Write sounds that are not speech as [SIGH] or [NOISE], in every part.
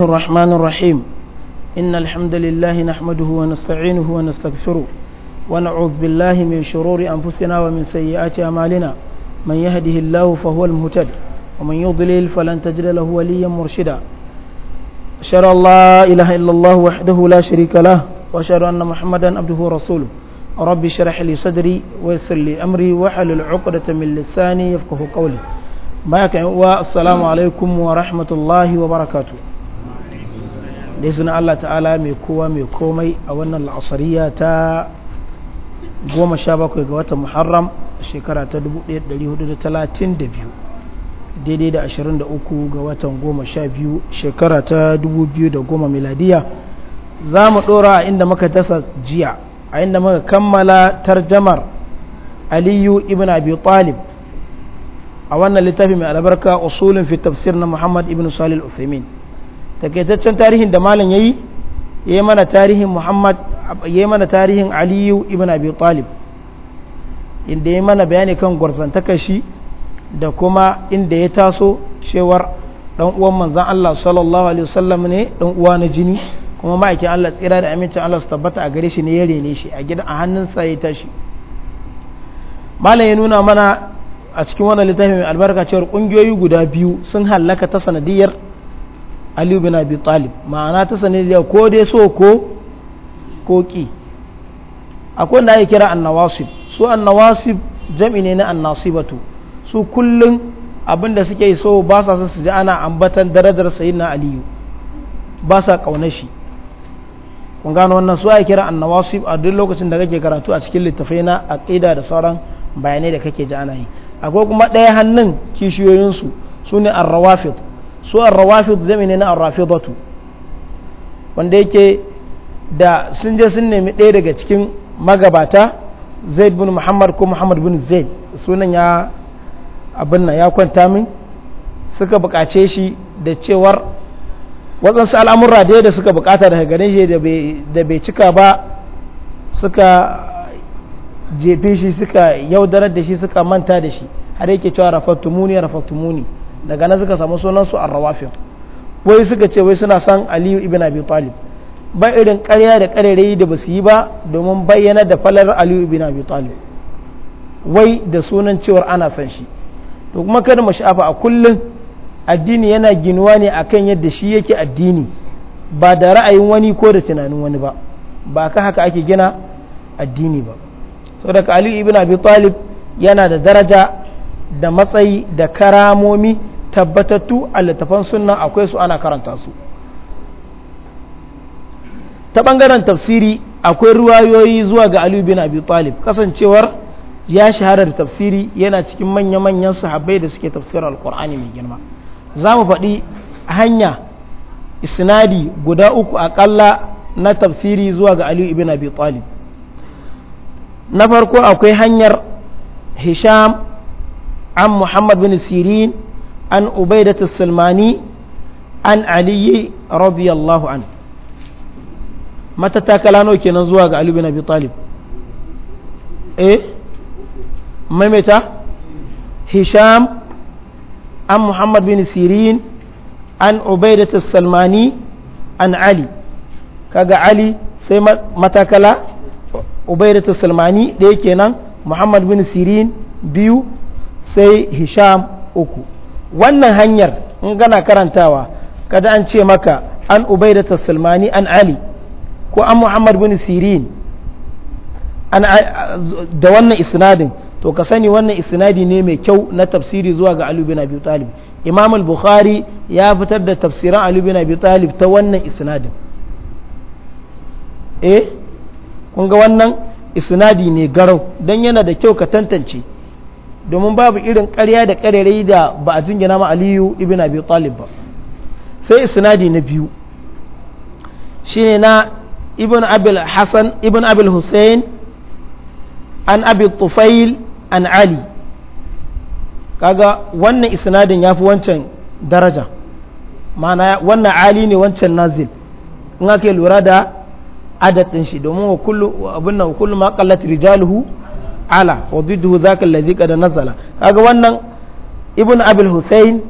الرحمن الرحيم إن الحمد لله نحمده ونستعينه ونستغفره ونعوذ بالله من شرور أنفسنا ومن سيئات أعمالنا من يهده الله فهو المهتد ومن يضلل فلن تجد له وليا مرشدا أشهد أن لا إله إلا الله وحده لا شريك له وأشهد أن محمدا عبده ورسوله ربي اشرح لي صدري ويسر لي أمري واحلل عقدة من لساني يفقه قولي معك السلام عليكم ورحمة الله وبركاته da izinin Allah ta'ala mai kowa mai komai a wannan la'asariya ta goma sha bakwai ga watan muharram shekara ta 1432 daidai da 23 ga watan goma sha biyu shekara ta 2010 miladiya za mu ɗora a inda muka dasa jiya a inda muka kammala tarjamar aliyu ibn abi talib a wannan littafi mai albarka usulun fi tafsir na muhammad ibn salil uthaymin takaitaccen tarihin da malam ya yayi mana tarihin Muhammad yayi mana tarihin Aliyu ibn Abi Talib inda yayi mana bayani kan gwarzantakar shi da kuma inda ya taso cewar dan uwan manzon Allah sallallahu alaihi wasallam ne dan uwa na jini kuma ma'aikin Allah tsira da amincin Allah su tabbata a gare shi ne ya rene shi a gidan a hannun sa ya tashi malam ya nuna mana a cikin wannan littafin mai albarka cewar kungiyoyi guda biyu sun hallaka ta sanadiyar aliyu bin abi talib ma'ana ta da ko dai so ko koki akwai wanda ake kira annawasib su annawasib jami ne na annasibatu su kullum abinda suke so ba sa su ji ana ambatan darajar sayin na aliyu ba sa kauna shi kun gano wannan su ake kira annawasib a duk lokacin da kake karatu a cikin littafai na aqida da sauran bayanai da kake ji ana yi akwai kuma ɗaya hannun kishiyoyinsu su ne arrawafid su arrawafid zami ne na arrafidatu wanda yake da sun je sun nemi ɗaya daga cikin magabata zaid bin muhammad ko muhammad bin zaid sunan ya abin nan ya kwanta min suka buƙace shi da cewar waɗansu al'amurra da da suka buƙata daga gare shi da bai cika ba suka jefe shi suka yaudarar da shi suka manta da shi har yake cewa rafattumuni muni. daga nan suka samu sunansu su ar-rawafid wai suka ce wai suna san aliyu ibn abi talib ba irin ƙarya da ƙarerayi da basu yi ba domin bayyana da falar aliyu ibn abi talib wai da sunan cewar ana san shi to kuma kada mu sha'afa a kullun addini yana ginuwa ne akan yadda shi yake addini ba da ra'ayin wani ko da tunanin wani ba ba ka haka ake gina addini ba saboda Aliyu ibn abi talib yana da daraja da matsayi da karamomi tabbatattu a littafan sunna akwai su ana karanta su ta ɓangaren tafsiri akwai ruwayoyi zuwa ga aliyu bin abi talib kasancewar ya shahara da tafsiri yana cikin manya-manyan sahabbai da suke tafsirar alkur'ani mai girma za mu faɗi hanya isnadi guda uku akalla na tafsiri zuwa ga aliyu ibn abi talib na farko akwai hanyar hisham عن محمد بن سيرين عن أبيدة السلماني عن علي رضي الله عنه متى تاكلانو كي نزواج علي بن أبي طالب إيه ممتى هشام عن محمد بن سيرين عن أبيدة السلماني عن علي كاجا علي سيما متى كلا أبيدة السلماني ليه كينا محمد بن سيرين بيو sai hisham uku wannan hanyar in gana karantawa kada an ce maka an ubai da tasulmani an ali ko an muhammad bin sirin da wannan isnadin to ka sani wannan isnadi ne mai kyau na tafsiri zuwa ga alubi na biyu Talib Imam al-Bukhari ya fitar da tafsiran alubi na biyu Talib ta wannan isnadin eh kun ga wannan isnadi ne garau don yana da kyau ka tantance domin babu irin ƙarya da ƙarerai da ba a jingina ma aliyu ibn abi talib ba sai isnadi na biyu shine na ibn abil hasan ibn abil hussein an abi tufail an ali kaga wannan isnadin ya fi wancan daraja mana wannan ali ne wancan nazil in aka lura da adadin shi domin wa kullu abin nan kullu ma qallat rijaluhu ala wa ka zaka allazi qad nazala kaga wannan ibn abul husain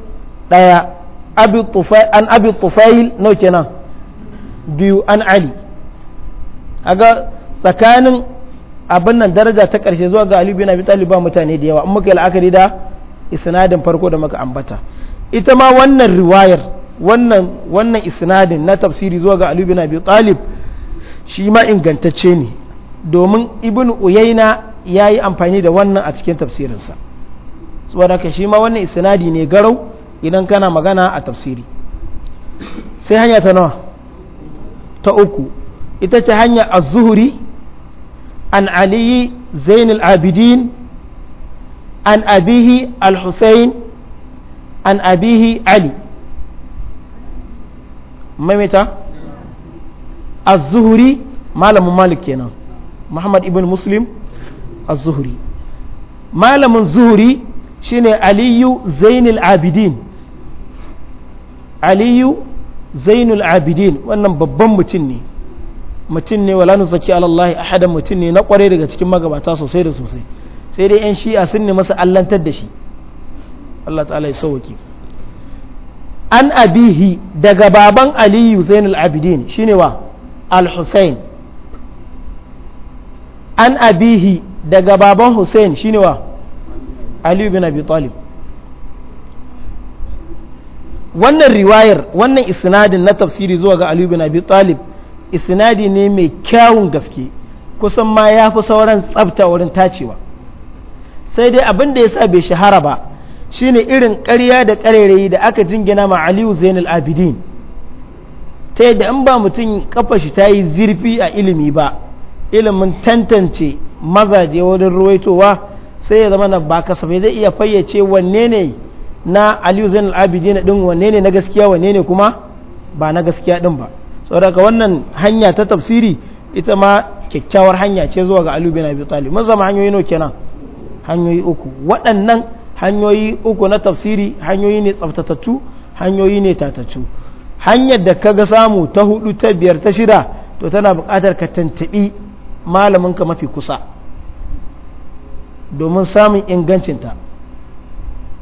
daya an abi tufail no kenan biyu an ali kaga tsakanin abin nan daraja ta karshe zuwa ga ali bin abi talib ba mutane da yawa in muka yi la'akari da isnadin farko da muka ambata ita ma wannan riwayar wannan wannan isnadin na tafsiri zuwa ga ali bin abi talib shi ma ingantacce ne domin ibn uyaina ya yi amfani da wannan a cikin tafsirinsa saboda ka shi ma wannan isnadi ne garau idan kana magana a tafsiri sai hanya ta nawa ta uku ita ce hanya a zuhuri an aliyi zainul abidin an abihi al an abihi ali mamita az malamin malik kenan muhammad ibn muslim الزهري zuhri malamin zuhri shine aliyu zainul abidin aliyu zainul abidin wannan babban mutum ne mutum ne wala ala Allah ahadan mutum ne na kware daga cikin magabata sosai da sosai sai dai yan shi'a sun ne masa allantar da shi Allah ta'ala ya sauke an abihi daga baban aliyu zainul abidin shine wa al-husain an abihi daga baban hussein shine wa aliyu bin abi talib wannan riwayar wannan isnadin na tafsiri zuwa ga aliyu bin abi talib isnadi ne mai kyawun gaske kusan ma ya fi sauran tsabta wurin tacewa sai dai abin da ya sa bai shahara ba shine irin ƙarya da ƙarerayi da aka jingina ma aliyu zainul abidin ta yadda in ba mutum kafa shi ta yi zirfi a ilimi ba ilimin tantance mazaje wajen ruwaitowa sai ya zama na ba kasafai zai iya fayyace wanne ne na aliyu zain na din wanne ne na gaskiya wanne ne kuma ba na gaskiya din ba saboda wannan hanya ta tafsiri ita ma kyakkyawar hanya ce zuwa ga aliyu bin abi talib mun zama hanyoyi nawa kenan hanyoyi uku waɗannan hanyoyi uku na tafsiri hanyoyi ne tsaftatattu hanyoyi ne tatattu hanyar da kaga samu ta hudu ta biyar ta shida to tana bukatar ka tantabi malamin ka mafi kusa domin samun ingancinta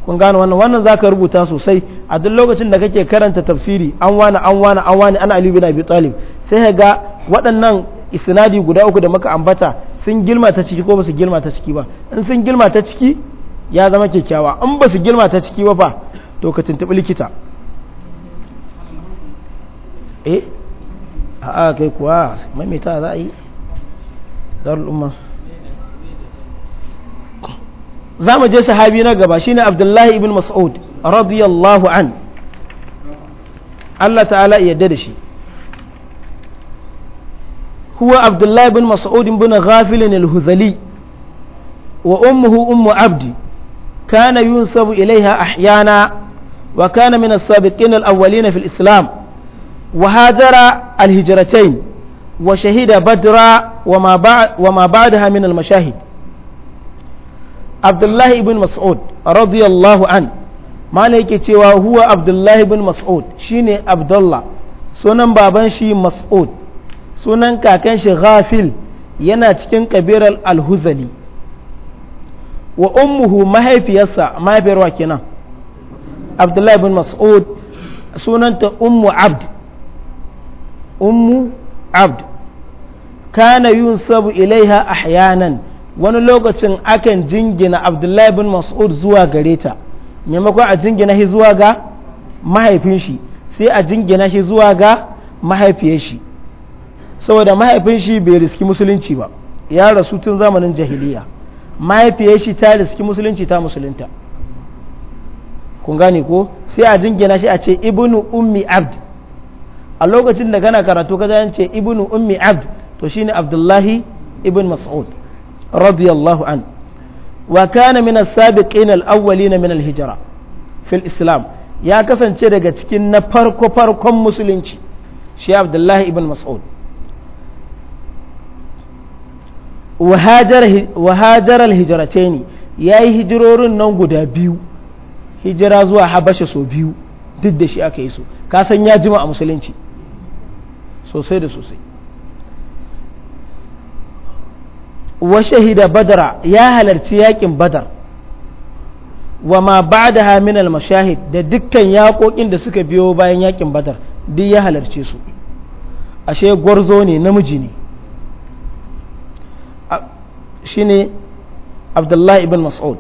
kun gano wannan wannan zaka rubuta sosai a duk lokacin da kake karanta tafsiri an wani an wani an wani ana aliyu bin abi talib sai ga waɗannan isnadi guda uku da muka ambata sun girma ta ciki ko ba su girma ta ciki ba in sun girma ta ciki ya zama kyakkyawa in ba su girma ta ciki ba fa to ka tuntuɓi likita eh a'a kai kuwa ta za a yi darul umma za mu je sahabi na gaba shine abdullahi ibn mas'ud radiyallahu an Allah ta'ala ya yarda da shi huwa abdullahi ibn mas'ud ibn ghafil al-huzali wa ummuhu ummu abdi kana yunsabu ilaiha ahyana wa kana min as-sabiqin al-awwalin fi al-islam wa hajara al-hijratayn wa shahida badra wa ma ba'daha min al-mashahid abdullahi ibn mas'ud radiyallahu an mana yake cewa huwa abdullahi ibn mas'ud shine abdullah sunan baban shi mas'ud sunan kakan shi ghafil yana cikin kabirar alhuzali wa ummuhu mahaifiyarsa mahaifiyar kenan abdullahi ibn mas'ud sunanta ummu abd ummu abd kana yunsabu ilaiha ahyanan wani lokacin akan jingina abdullahi bin mas'ud zuwa gare ta maimakon a jingina shi zuwa ga mahaifin shi sai a jingina shi zuwa ga mahaifiyar shi saboda mahaifin shi bai riski musulunci ba ya rasu tun zamanin jahiliya mahaifiyar shi ta riski musulunci ta musulunta kun gane ko sai a jingina shi a ce ibnu ummi abd a lokacin da kana karatu ka ce ibnu ummi abd to shine abdullahi ibn mas'ud رضي الله عنه وكان من السابقين الأولين من الهجرة في الإسلام يا كسن شرقة كنا فرق فرق مسلم شي عبد الله ابن مسعود وهاجر وهاجر الهجرتين يا هجرورن نون غدا بيو هجرة زوا حبشة سو بيو duk da shi aka yi su kasan ya jima a musulunci sosai da sosai wa shahida badara ya halarci yakin badar wa ma bada min al-mashahid da dukkan yakokin da suka biyo bayan yakin badar duk ya halarce su ashe gwarzo ne namiji ne shine abdullahi ibn mas'ud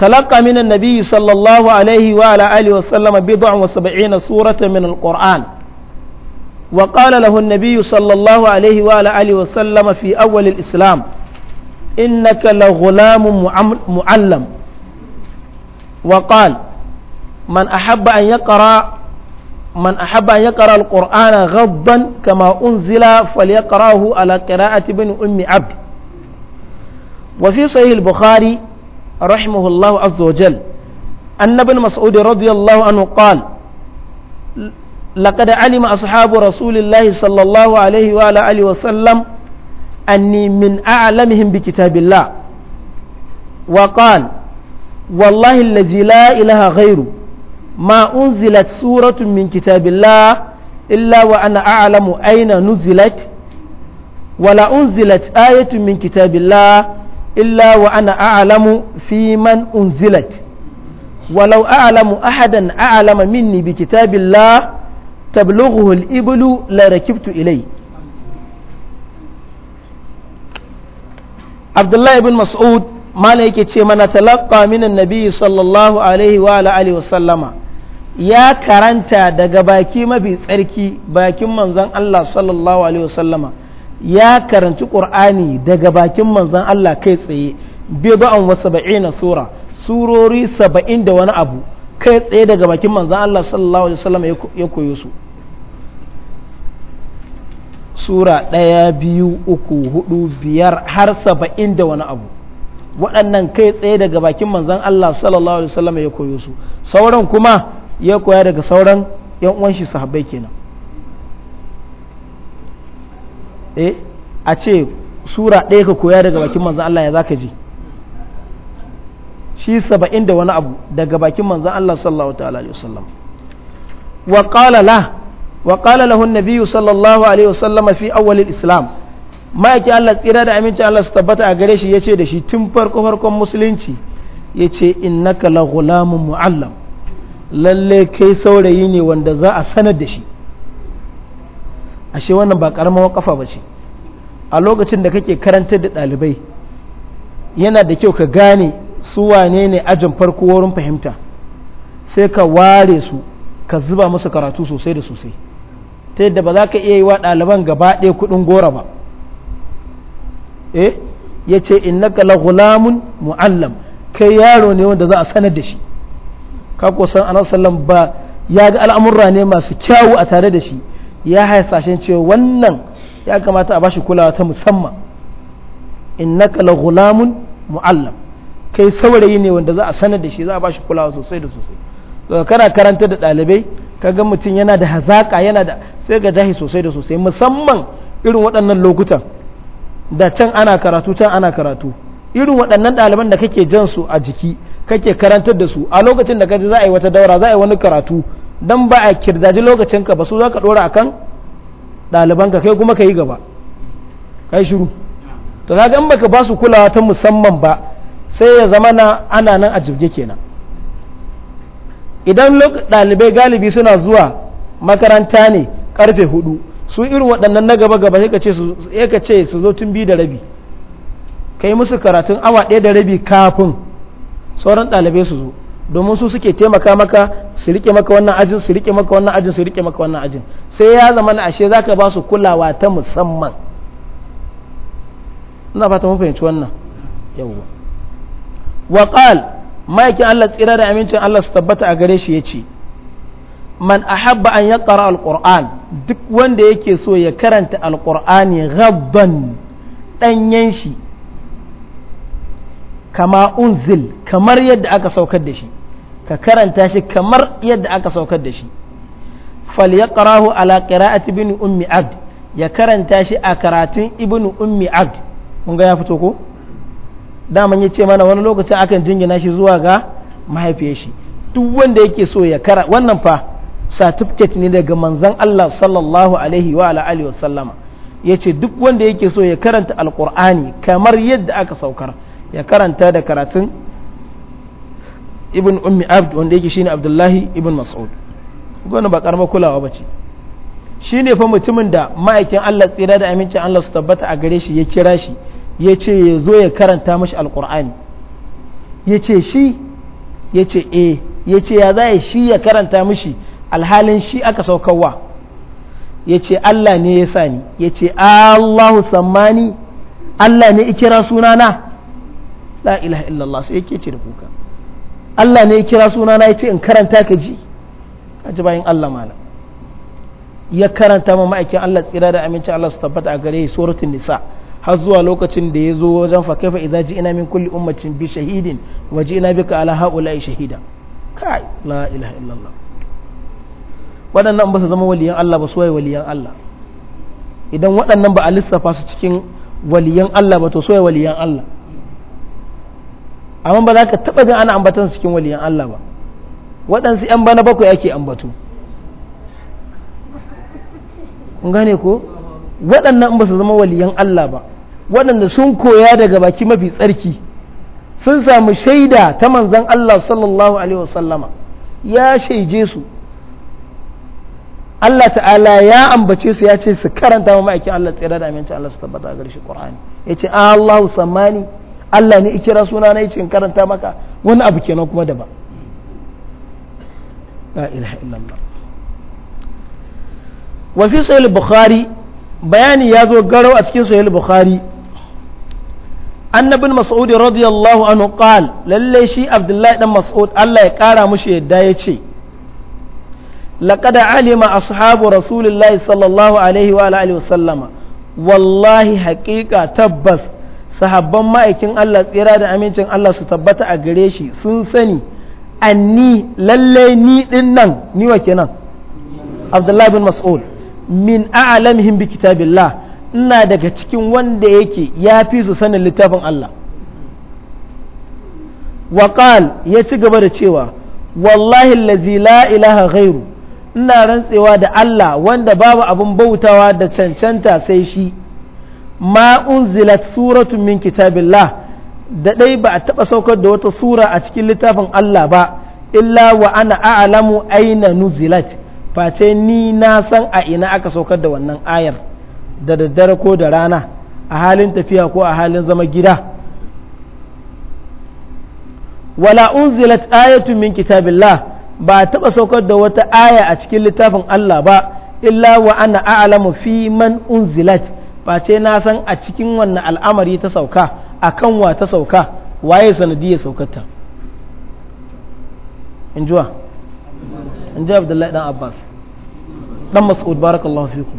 تلقى من النبي صلى الله عليه وعلى آله وسلم بضع وسبعين سورة من القرآن وقال له النبي صلى الله عليه وعلى آله وسلم في أول الإسلام إنك لغلام معلم وقال من أحب أن يقرأ من أحب أن يقرأ القرآن غضا كما أنزل فليقرأه على قراءة بن أم عبد وفي صحيح البخاري رحمه الله عز وجل أن ابن مسعود رضي الله عنه قال لقد علم أصحاب رسول الله صلى الله عليه وعلى آله وسلم أني من أعلمهم بكتاب الله وقال والله الذي لا إله غيره ما أنزلت سورة من كتاب الله إلا وأنا أعلم أين نزلت ولا أنزلت آية من كتاب الله إلا وأنا أعلم في من أنزلت ولو أعلم أحدا أعلم مني بكتاب الله تبلغه الإبل لركبت إليه abdullahi ibn mas'ud mala yake ce mana talaqqa min annabi sallallahu alaihi wa alihi wa sallama ya karanta daga baki mafi tsarki bakin manzon Allah sallallahu alaihi wa sallama ya karanci qur'ani daga bakin manzon Allah kai tsaye bid'an wa sab'ina sura surori 70 da wani abu kai tsaye daga bakin manzon Allah sallallahu alaihi wa sallama ya koyo su sura ɗaya biyu uku hudu biyar har saba'in da wani abu waɗannan kai tsaye daga bakin manzan Allah sallallahu alaihi wasallam ya koyo su sauran kuma ya koya daga sauran yan uwan shi sahabbai kenan eh a ce sura ɗaya ka koya daga bakin manzan Allah ya zaka ji shi saba'in da wani abu daga bakin manzan Allah sallallahu alaihi wasallam wa qala la وقال له النبي صلى الله عليه وسلم في أول الإسلام ما يكي الله إرادة دا أمين الله ستبتا أغريش يتي دشي musulunci كفر كم مسلينتي يتي إنك لغلام معلم lalle kai saurayi ne wanda za a sanar da shi ashe wannan ba karamar kafa ba ce a lokacin da kake karantar da ɗalibai yana da kyau ka gane su wane ne ajin farko wurin fahimta sai ka ware su ka zuba musu karatu sosai da sosai ta yadda ba za ka iya yi wa ɗaliban gaba ɗaya kuɗin gora ba eh ya ce na la gulamun mu'allam kai yaro ne wanda za a sanar da shi ka ko san anan sallam ba ya ga al'amurra ne masu kyawu a tare da shi ya hasashen cewa wannan ya kamata a bashi kulawa ta musamman na la gulamun mu'allam kai saurayi ne wanda za a sanar da shi za a bashi kulawa sosai da sosai kana karanta da ɗalibai kaga mutum yana da hazaka yana da sai ga jahi sosai da sosai musamman irin waɗannan lokutan da can ana karatu can ana karatu irin waɗannan ɗaliban da kake jan su a jiki kake karantar da su a lokacin da kaji za a yi wata daura za a yi wani karatu dan ba a kirdaji lokacin ka ba su za ka ɗora akan ɗaliban ka kai kuma ka yi gaba kai shiru to kaga in baka ba su kulawa ta musamman ba sai ya zama na ana nan a jirge kenan idan ɗalibai galibi suna zuwa makaranta ne karfe hudu su irin waɗannan na gaba gaba sai ka ce su zo tun biyu da rabi ka yi musu karatun awa ɗaya da rabi kafin sauran ɗalibai su zo domin su suke taimaka maka su rike maka wannan ajin su rike maka wannan ajin su rike maka wannan ajin sai ya zama na ashe zaka ba su kulawa ta musamman ina fata mun fahimci wannan yawwa wa ma'aikin Allah tsira da amincin Allah su tabbata a gare shi ya ce man a ahabba an ya ƙara alƙur'an duk wanda yake so ya karanta alƙur'ani rabban ɗanyen shi kama unzil kamar yadda aka saukar da shi ka karanta shi kamar yadda aka saukar da shi fal ya ƙarahu ala ƙira'ati bin ummi abd ya karanta shi a karatun ibn ummi abd mun ya fito ko daman ya ce mana wani lokacin akan jingina shi zuwa ga mahaifiyar shi duk wanda yake so ya kara wannan fa certificate ne daga manzon Allah sallallahu alaihi wa ala alihi wasallama yace duk wanda yake so ya karanta alqur'ani kamar yadda aka saukar ya karanta da karatun ibn ummi abd wanda yake shine abdullahi ibn mas'ud gona ba karma kulawa bace shine fa mutumin da ma'aikin Allah tsira da amincin Allah su tabbata a gare shi ya kira shi ya ce ya zo ya karanta mashi alkur'ani ya ce shi ya ce e ya ce ya za shi ya karanta mashi alhalin shi aka saukarwa ya ce Allah ne ya sani ya ce Allahu sammani Allah ne ikira sunana la ilaha illallah sai yake ce da kuka Allah ne ikira sunana ya ce in karanta ka ji ji bayan Allah malam ya karanta ma ma'aikin Allah tsira da amincin Allah su tabbata a gare suratul nisa' har zuwa lokacin da ya zo wajen fa kaifa idza ji'na min kulli ummatin bi shahidin wa ji'na bika ala haula shahida kai la ilaha illallah waɗannan ba su zama waliyan Allah ba su waye waliyan Allah idan waɗannan ba a lissafa su cikin waliyan Allah ba to su waye waliyan Allah amma ba za ka taɓa ga ana ambatan su cikin waliyan Allah ba waɗansu 'yan bana bakwai ake ambatu kun gane ko waɗannan ba su zama waliyan Allah ba waɗanda sun koya daga baki mafi tsarki sun samu shaida ta manzan Allah sallallahu alaihi wasallama ya shaije su Allah ta'ala ya ambace su ya ce su karanta wa ma'aikin Allah tsira da aminci Allah su tabbata a Qur'ani ya ce ah, Allah samani Allah ne ikira suna na yace in karanta maka wani abu kenan kuma daban la ilaha illallah wa fi sahih bukhari bayani ya zo garau a cikin sahih bukhari annabin mas'ud radiyallahu anhu qal lalle shi abdullahi dan mas'ud Allah ya kara mushi yadda ya ce laqad alima ashabu rasulillahi sallallahu alaihi wa alihi wa sallama wallahi haqiqa tabbas sahabban ma'aikin Allah tsira da amincin Allah su tabbata a gare shi sun sani anni lalle ni din nan ni wa kenan abdullahi bin mas'ud min a'lamihim bi kitabillah ina daga cikin wanda yake ya fi su sanin littafin Allah waƙal ya ci gaba da cewa wallahi lazi la ilaha ghairu ina rantsewa da Allah wanda babu abin bautawa da cancanta sai shi ma unzilat suratu min kitabillah da dai ba a taɓa saukar da wata sura a cikin littafin Allah ba illa wa ana a'lamu aina nuzilat face ni na san a ina aka saukar da wannan ayar da daddare ko da rana a halin tafiya ko a halin zama gida wala unzilat ayatu min kitabillah ba taba saukar da wata aya a cikin littafin Allah ba illa wa ana a'lamu fi man unzilat face na san a cikin wannan al'amari ta sauka akan wa ta sauka waye sanadiyar saukarta in in ji abdullahi dan abbas dan mas'ud barakallahu fikum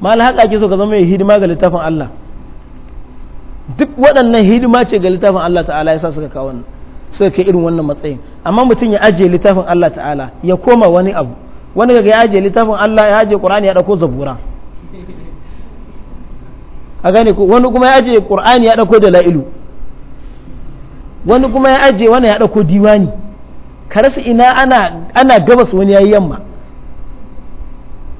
ma haka ake so ka zama mai hidima ga littafin Allah duk waɗannan hidima ce ga littafin Allah ta'ala sa suka kawo wannan suka kai irin wannan matsayin amma mutum ya ajiye littafin Allah ta'ala ya koma wani abu wani kaga ya ajiye littafin Allah ya ajiye Qur'ani ya dauko zabura a gane ko wani kuma ya ajiye Qur'ani ya dauko dalailu wani kuma ya ajiye wani ya dauko diwani karasu ina ana ana gabas wani yayi yamma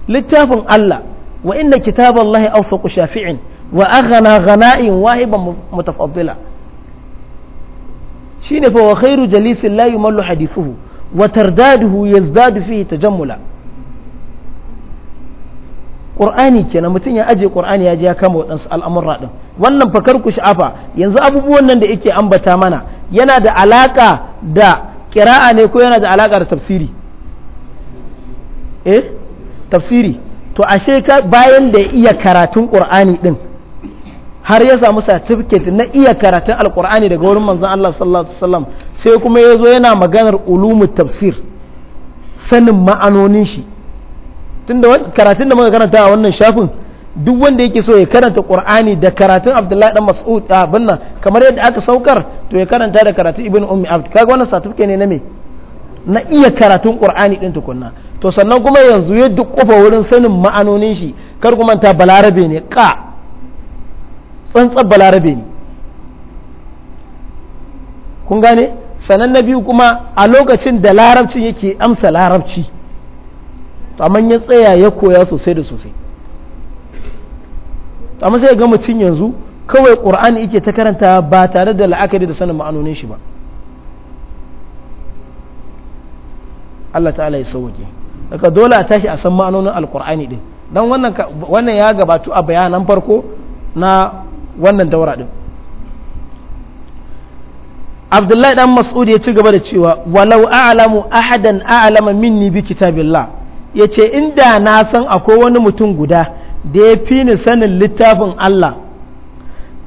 littafin Allah wa inna kitaballahi awfaqu shafi'in wa aghna ghana'in wahiban mutafaddila shine fa wa khairu jalisin la yumallu hadithuhu wa tardaduhu yazdadu fihi tajammula qur'ani kenan mutum ya aje qur'ani ya je ya kama waɗansu al'amurra din wannan fakar ku sha'afa yanzu abubuwan nan da yake ambata mana yana da alaka da kira'a ne ko yana da alaƙa da tafsiri eh tafsiri to ashe ka bayan da iya karatun ƙur'ani ɗin har ya samu certificate na iya karatun alƙur'ani daga wurin manzon Allah sallallahu alaihi wasallam sai kuma ya zo yana maganar ulumut tafsir sanin ma'anonin shi tunda karatun da muka karanta a wannan shafin duk wanda yake so ya karanta qur'ani da karatun abdullahi dan mas'ud a nan kamar yadda aka saukar to ya karanta da karatun ibnu ummi abd kaga wannan satifike ne na me na iya karatun qur'ani din tukunna to sannan kuma yanzu ya duk kofa wurin sanin ma'anonin shi kar ku manta balarabe ne ka tsantsar balarabe ne kun gane sanan na biyu kuma a lokacin da larabcin yake amsa larabci to amma ya tsaya ya koya sosai da sosai amma sai ga mutum yanzu kawai qur'ani yake ta karanta ba tare da la'akari da sanin ma'anonin shi ba Allah ta'ala ya sauke daga dole a tashi a san ma'anonin alqur'ani din dan wannan wannan ya gabatu a bayanan farko na wannan daura din Abdullahi dan Mas'ud ya ci gaba da cewa walau a'lamu ahadan a'lama minni bi kitabillah yace inda na san akwai wani mutum guda da ya fi ni sanin littafin Allah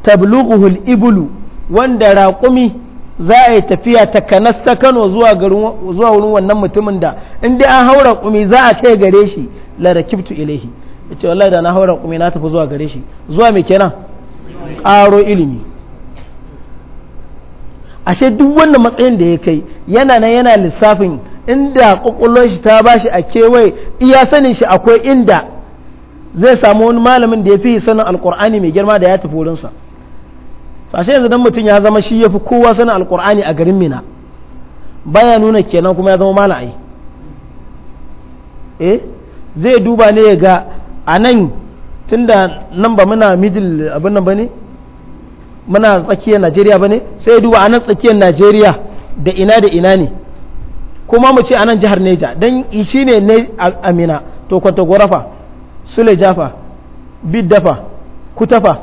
tablughuhul ibulu wanda raƙumi za a yi tafiya ta kanas Kano zuwa wurin wannan mutumin da in dai an haura ƙumi za a kai gare shi la kiftu ilaihi yace wallahi da na haura ƙumi na tafi zuwa gare shi zuwa me kenan ƙaro ilimi ashe duk wannan matsayin da ya kai yana nan yana lissafin inda kwakwalwar shi ta bashi a kewaye iya sanin shi akwai inda zai samu wani malamin da ya fi sanin alkur'ani mai girma da ya tafi wurinsa sashe yanzu dan mutum ya zama shi ya fi kowa sanin alkur'ani a garin mina baya nuna kenan kuma ya zama malai eh zai duba ne ya ga a nan tunda nan ba muna middle abin nan ba ne muna tsakiyar najeriya ba ne sai ya duba a nan tsakiyar najeriya da ina da ina ne kuma mu ce a nan jihar neja don shi ne amina to kwanta gorafa sule jafa bid dafa kutafa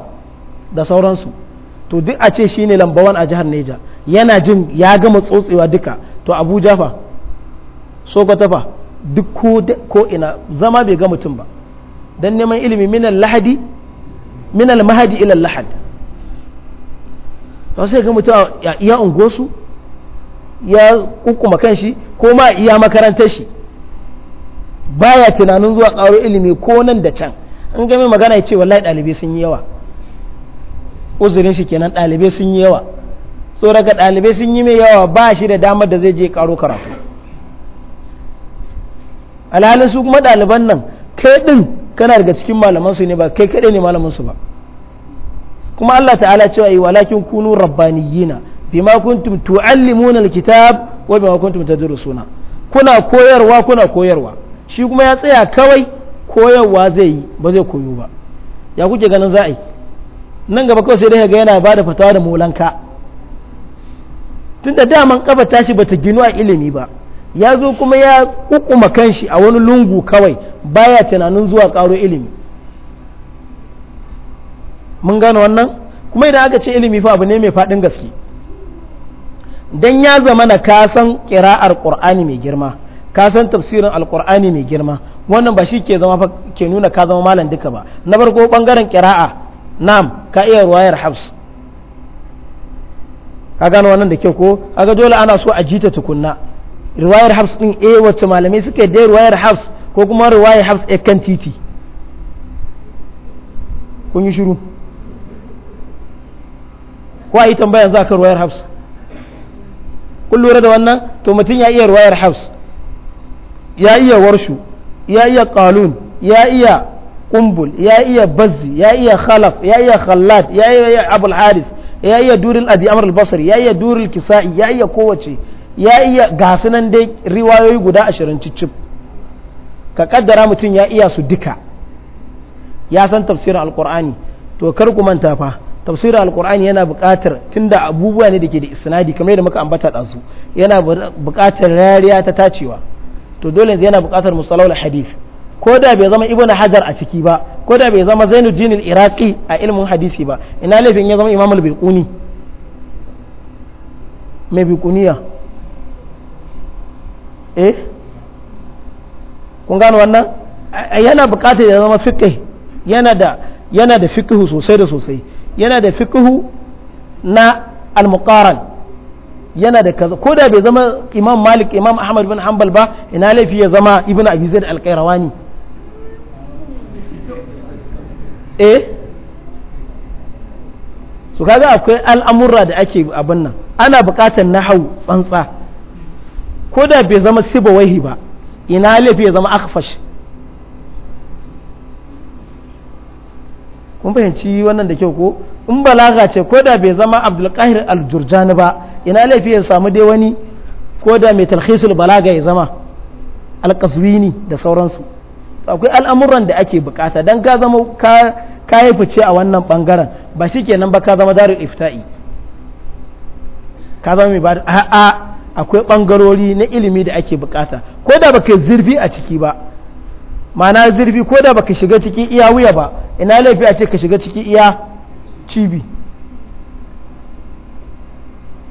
da sauransu to duk a ce shine lambawan a jihar neja yana jin ya gama tsotsewa duka to abuja fa sokoto fa duk ko ina zama bai ga mutum ba dan neman ilimi minal lahadi minal mahadi ila lahad to sai ga mutum ya iya ungosu ya kukkuma kanshi ko ma iya makarantar shi baya tunanin zuwa ƙaro ilimi ko nan da can in game magana ya ce wallahi ɗalibai sun yi yawa uzurin shi kenan ɗalibai sun yi yawa so daga ɗalibai sun yi mai yawa ba shi da damar da zai je ƙaro karatu alhalin su kuma ɗaliban nan kai ɗin kana daga cikin malaman ne ba kai kaɗai ne malaman ba kuma Allah ta'ala cewa yi walakin kunu rabbaniyina bima kuntum tu'allimuna alkitab wa bima kuntum tadrusuna kuna koyarwa kuna koyarwa shi kuma ya tsaya kawai koyarwa zai yi ba zai koyo ba ya kuke ganin za yi nan gaba kawai sai dai ga yana ba da fatawa da molanka tunda daman kafa tashi bata ginu a ilimi ba ya zo kuma ya kukuma kanshi a wani lungu kawai baya tunanin zuwa karo ilimi mun gane wannan kuma idan aka ce ilimi fa abu ne mai faɗin gaske dan ya zama na kasan ƙira'ar ƙur'ani mai girma ka san tafsirin alkur'ani mai girma wannan ba shi ke zama ke nuna ka zama malam duka ba na farko bangaren kira'a nam ka iya ruwayar hafs ka gano wannan da ke ko aga dole ana so a jita tukunna ruwayar hafs din eh wacce malamai suka yi ruwayar hafs ko kuma ruwayar hafs a kan titi kun yi shiru ko a yi tambayan za ka ruwayar hafs kun lura da wannan to mutum ya iya ruwayar hafs ya iya warshu ya iya qalun ya iya kumbul ya iya bazzi ya iya khalaf ya iya khallat ya iya abul haris ya iya durin abi amr al basri ya iya durin kisa'i ya iya kowace ya iya gasu dai riwayoyi guda ashirin cicif ka kaddara mutum ya iya su duka ya san tafsirin alkur'ani to kar ku manta fa tafsirin alkur'ani yana buƙatar tunda abubuwa ne da ke da isnadi kamar yadda muka ambata ɗansu yana buƙatar rariya ta tacewa to dole yanzu yana buƙatar musalawul hadith ko da bai zama ibnu hajar a ciki ba ko da bai zama zainuddin al-iraqi a ilmin hadisi ba ina laifin ya zama imamul baiquni mai baiquniya eh kun gano wannan yana buƙatar ya zama fiqh yana da yana da fiqh sosai da sosai yana da fiqh na al-muqaran yana da kaza ko da bai zama imam malik imam ahmad bin hanbal ba ina laifi ya zama ibn abi zaid al-qayrawani eh su kaga akwai al'amurra da ake abin nan ana buƙatar nahau tsantsa ko da bai zama sibawaihi ba ina laifi ya zama akfash kun fahimci wannan da kyau ko in balaga ce ko da bai zama abdulkahir aljurjani ba ina laifi ya samu dai wani ko da mai talhisul balaga ya zama alkaswini da sauransu akwai al'amuran da ake bukata don ka zama ka yi fice a wannan bangaren ba shi kenan ba ka zama daru ifta'i ka zama mai ba a'a akwai bangarori na ilimi da ake bukata ko da ba baka zurfi a ciki ba ma'ana zurfi ko da baka shiga ciki iya wuya ba ina laifi a ce ka shiga ciki iya cibi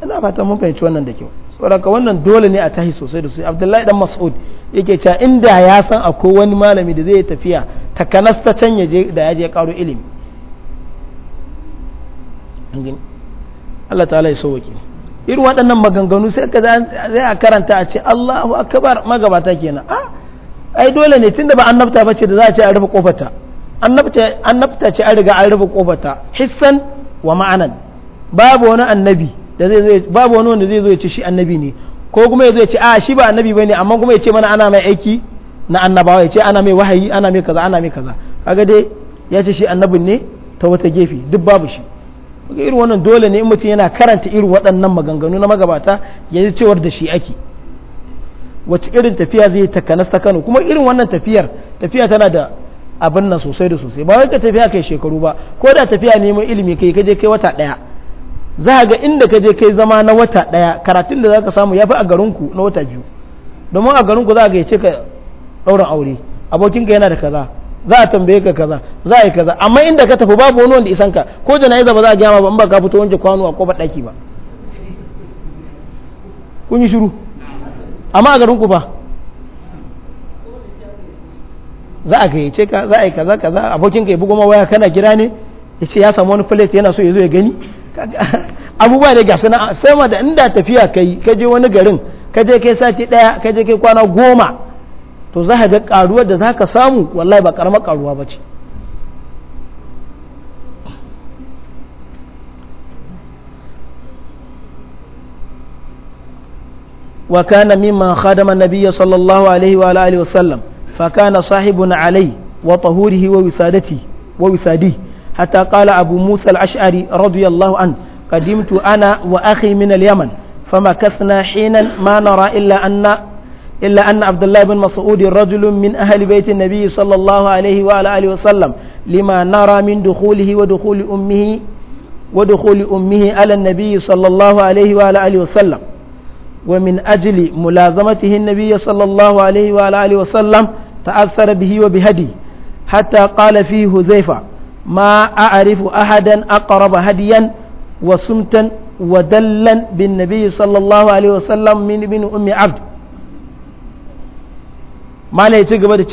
ina fata mun fahimci wannan da kyau saboda wannan dole ne a tahi sosai da su abdullahi dan mas'ud yake cewa inda ya san akwai wani malami da zai tafiya ta ta can je da yaje ya karo ilimi Allah ta'ala ya sauwake irin waɗannan maganganu sai ka zai a karanta a ce Allahu akbar magabata kenan ah ai dole ne tunda ba annabta bace da za a ce a rufe kofarta annabta ce an riga an rufe kofarta hissan wa ma'anan babu wani annabi da zai zo babu wani wanda zai zo ya ce shi annabi ne ko kuma ya zo ya ce a ah, shi ba annabi bane amma kuma ya ce mana ana mai aiki na annabawa ya ce ana mai wahayi ana mai kaza ana mai kaza kaga dai ya ce shi annabin ne ta wata gefe duk babu shi irin wannan dole ne in mutum yana karanta irin waɗannan maganganu na magabata ya ji cewar da shi ake wacce irin tafiya zai ta ta Kano kuma irin wannan tafiyar tafiya tana da abin nan sosai da sosai ba wai ka tafiya kai shekaru ba ko da tafiya neman ilimi kai kaje kai wata daya za ga inda kaje kai zama na wata daya karatun da zaka samu yafi a garin ku na wata biyu domin a garin ku za ka yace ka daura aure abokin ka yana da kaza za a tambaye ka kaza za a yi kaza amma inda ka tafi babu wani wanda isan ka ko jana'iza ba za a gyama ba in ba ka fito wanke kwano a kofar daki ba kun yi shiru amma a garin ku ba za a ce ka za a yi kaza kaza abokin ka yi ma waya kana gira ne ya ce ya samu wani plate yana so ya zo ya gani [LAUGHS] abubuwa ne ga suna ma da inda tafiya yi ka je wani garin ka je kai sati daya ka je kai kwana goma to za ka ga karuwar da za ka samu wallahi ba karamar karuwa ba ce وكان ممن خدم النبي صلى الله عليه وعلى آله وسلم فكان صاحب عليه وطهوره ووسادته ووساده حتى قال أبو موسى الأشعري رضي الله عنه قدمت أنا وأخي من اليمن فمكثنا حينا ما نرى إلا أن إلا أن عبد الله بن مسعود رجل من أهل بيت النبي صلى الله عليه وعلى آله وسلم لما نرى من دخوله ودخول أمه ودخول أمه على النبي صلى الله عليه وعلى آله وسلم ومن أجل ملازمته النبي صلى الله عليه وعلى آله وسلم تأثر به وبهدي حتى قال فيه هزيفة ما أعرف أحدا أقرب هديا وسمتا ودلا بالنبي صلى الله عليه وسلم من ابن أم عبد ما لا يتقبل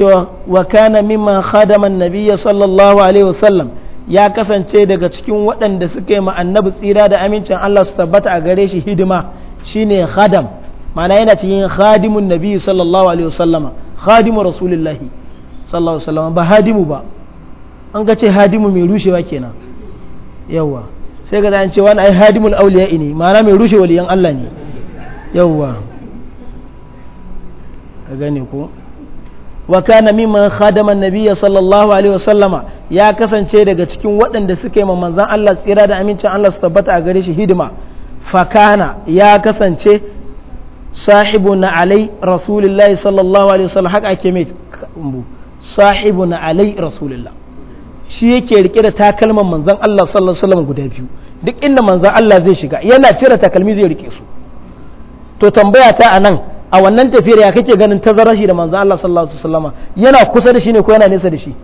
وكان مما خدم النبي صلى الله عليه وسلم ya kasance daga cikin waɗanda suka yi ma annabi tsira da amincin Allah su tabbata a gare shi hidima shine khadam ma'ana yana cikin khadimun nabi sallallahu alaihi wasallama khadimu rasulullah sallallahu alaihi wasallama ba hadimu ba an ga ce hadimu mai rushewa kenan yawa sai ga an ce wani ai hadimul auliya ne ma'ana mai rushe waliyan Allah ne yawa ka gane ko wa kana mimman khadama nabiyya sallallahu alaihi wasallama ya kasance daga cikin waɗanda suke yi manzon Allah tsira da amincin Allah su tabbata a gare shi hidima fakana ya kasance sahibu na alai rasulillah sallallahu alaihi wasallam haka ake mai sahibu na alai rasulillah shi yake rike da takalman manzan Allah sallallahu alaihi wasallam guda biyu duk inda manzan Allah zai shiga yana cire takalmi zai rike su to tambaya ta anan a wannan tafiyar ya kake ganin tazarar shi da manzan Allah sallallahu alaihi wasallam yana kusa da shi ne ko yana nesa da shi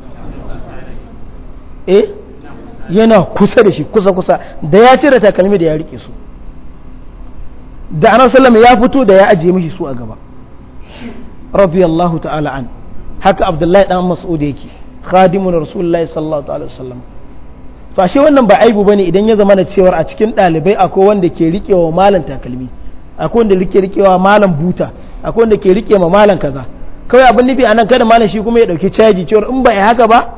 eh yana kusa da shi kusa kusa da ya cire takalmi da ya rike su da anan sallama ya fito da ya ajiye mishi su a gaba radiyallahu ta'ala an haka abdullahi dan mas'ud yake khadimun rasulullahi sallallahu alaihi wasallam to ashe wannan ba aibu bane idan ya zama na cewar a cikin dalibai akwai wanda ke riƙewa malam takalmi akwai wanda ke riƙewa malam buta akwai wanda ke riƙe ma malam kaza kawai abin nufi anan kada malam shi kuma ya dauki caji cewar in ba ya haka ba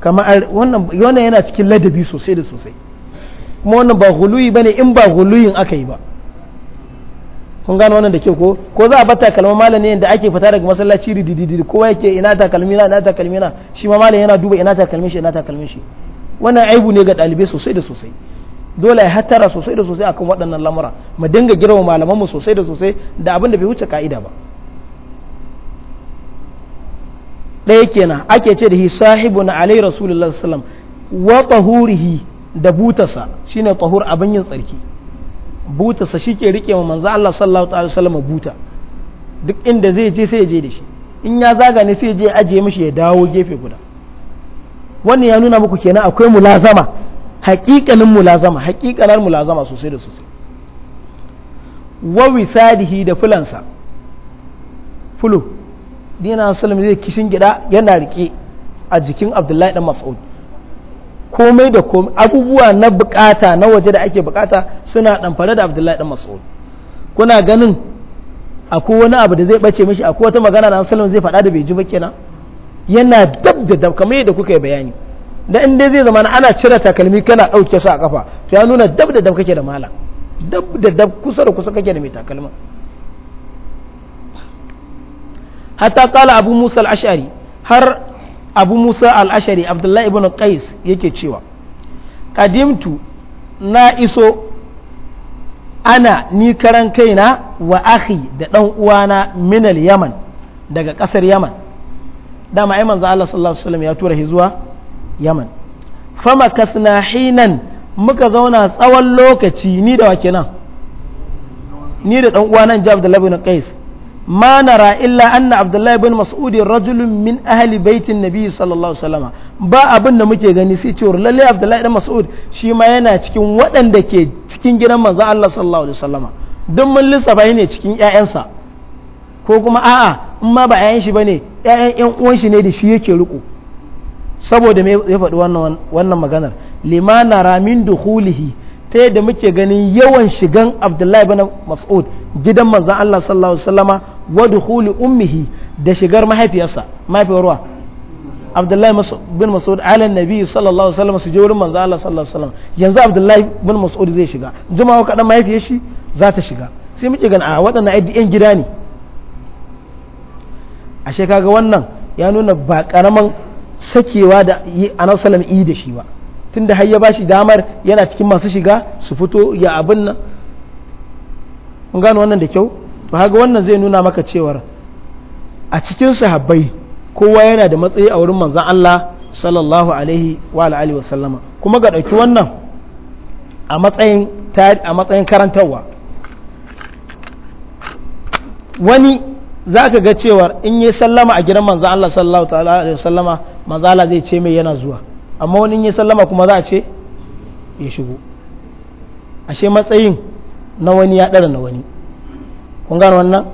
kama wannan wannan yana cikin ladabi sosai da sosai kuma wannan ba huluyi bane in ba huluyin aka yi ba kun gano wannan da ke ko ko za a bar takalmin malam ne da ake fita daga masallaci ridididi kowa yake ina takalmi na ina takalmi na shi ma malam yana duba ina takalmin shi ina takalmin shi wannan aibu ne ga dalibai sosai da sosai dole ya hatara sosai da sosai akan waɗannan lamura mu dinga girma malaman mu sosai da sosai da abin da bai wuce ka'ida ba ɗaya kenan ake ce da hi sahibun alai rasulullahi sallam wa tahurihi da butarsa shine tahur abin yin tsarki butarsa shi ke rike ma manzo Allah sallallahu alaihi wasallam buta duk inda zai je sai ya je da shi in ya zaga ne sai ya je ajiye mishi ya dawo gefe guda wannan ya nuna muku kenan akwai mulazama haƙiƙanin mulazama haƙiƙanar mulazama sosai da sosai wa wisadihi da fulansa fulu dina sallam zai kishin gida yana rike a jikin abdullahi dan mas'ud komai da komai abubuwa na bukata na waje da ake bukata suna ɗamfare da abdullahi dan mas'ud kuna ganin akwai wani abu da zai bace mishi akwai wata magana da sallam zai faɗa da bai ji ba kenan yana dab da dab kamar yadda kuka yi bayani da in dai zai zama ana cire takalmi kana ɗauke su a kafa to ya nuna dab da dab kake da malam dab da dab kusa da kusa kake da mai takalma hatta kala abu musa al-ash'ari har abu musa al'ashari abdullahi ibn qais yake cewa kadimtu na iso ana ni karan kaina wa ahi da ɗan uwana minal yaman daga ƙasar yaman dama ai manzo Allah sallallahu alaihi wasallam ya tura shi zuwa yaman fama kasna hinan muka zauna tsawon lokaci ni da wake nan ni da ɗan uwana jab da labin qais ما نرى إلا أن عبد الله بن مسعود رجل من أهل بيت النبي صلى الله عليه وسلم ba abin da muke gani sai cewar lalle Abdullahi dan Mas'ud shi ma yana cikin waɗanda ke cikin gidan manzon Allah sallallahu alaihi wasallama duk mun lissafa ne cikin ƴaƴansa ko kuma a'a in ma ba ƴaƴan shi bane ƴaƴan ƴan uwan shi ne da shi yake riko saboda me ya faɗi wannan wannan maganar limana ramin duhulihi ta yadda muke ganin yawan shigan abdullahi bin mas'ud gidan manzan Allah sallallahu alaihi wasallama wa dukhuli ummihi da shigar mahaifiyarsa mahaifiyar ruwa abdullahi bin mas'ud ala nabi sallallahu alaihi wasallama su je wurin manzan Allah sallallahu alaihi wasallama yanzu abdullahi bin mas'ud zai shiga juma'a kadan mahaifiyar shi za ta shiga sai muke ganin a waɗannan ai gida ne ashe kaga wannan ya nuna ba karaman sakewa da anan sallam yi da shi ba Tun da ya ba shi damar yana cikin masu shiga su fito ya abin nan kun gano wannan da kyau to haka wannan zai nuna maka cewar a cikin sahabbai kowa yana da matsayi a wurin manzan Allah sallallahu alaihi wa alihi wa sallama kuma ga dauki wannan a matsayin a matsayin karantarwa wani za ka ga cewar in yi sallama a gidan manzan Allah sallallahu alaihi wa sallama manzan Allah zai ce mai yana zuwa amma wani ya sallama kuma za a ce ya shigo ashe matsayin na wani ya ɗara na wani kun gano wannan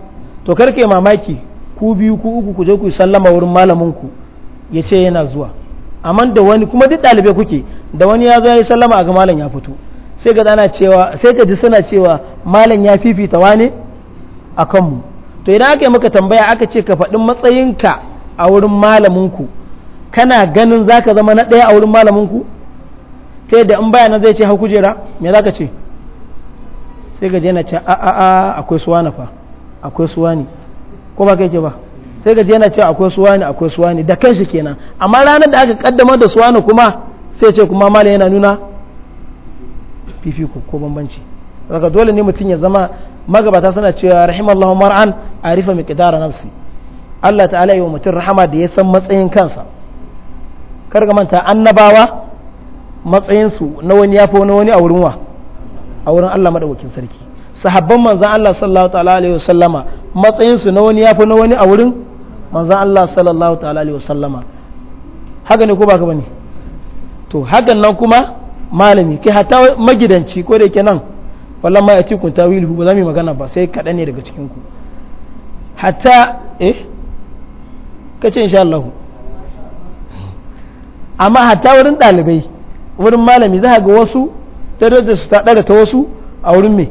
to karke mamaki ku biyu ku uku ku je ku sallama wurin malamin ku ya ce yana zuwa amma da wani kuma duk ɗalibai kuke da wani ya zo ya yi sallama a ga malam ya fito sai ka ana cewa sai ka ji suna cewa malam ya fifita wane a kanmu to idan aka yi maka tambaya aka ce ka faɗin matsayinka a wurin malaminku kana ganin za ka zama na ɗaya a wurin malaminku ta yadda in bayanan zai ce hau kujera me za ka ce sai ga je na ce a'a'a akwai suwa na fa akwai suwa ne ko ba kai ke ba sai ga je na ce akwai suwa ne akwai suwa ne da kanshi kenan amma ranar da aka kaddama da suwa na kuma sai ce kuma malam yana nuna fifiko ko bambanci daga dole ne mutum ya zama magabata suna cewa rahimallahu mar'an a arifa miqdara nafsi Allah ta'ala yi wa mutum rahama da ya san matsayin kansa karka manta annabawa matsayinsu na wani ya fi wani a wurin wa a wurin Allah maɗaukakin sarki sahabban manzan Allah sallallahu ta'ala alaihi wasallama matsayinsu na wani ya fi wani a wurin manzan Allah sallallahu ta'ala alaihi wasallama haka ne ko ba ka bane to hakan nan kuma malami kai hatta magidanci ko da yake nan wallan ma yace kun tawilu ba za mu magana ba sai kaɗan ne daga cikin ku hatta eh kace insha Allah amma hatta wurin ɗalibai wurin malami za ga wasu da su ta ɗara ta wasu a wurin me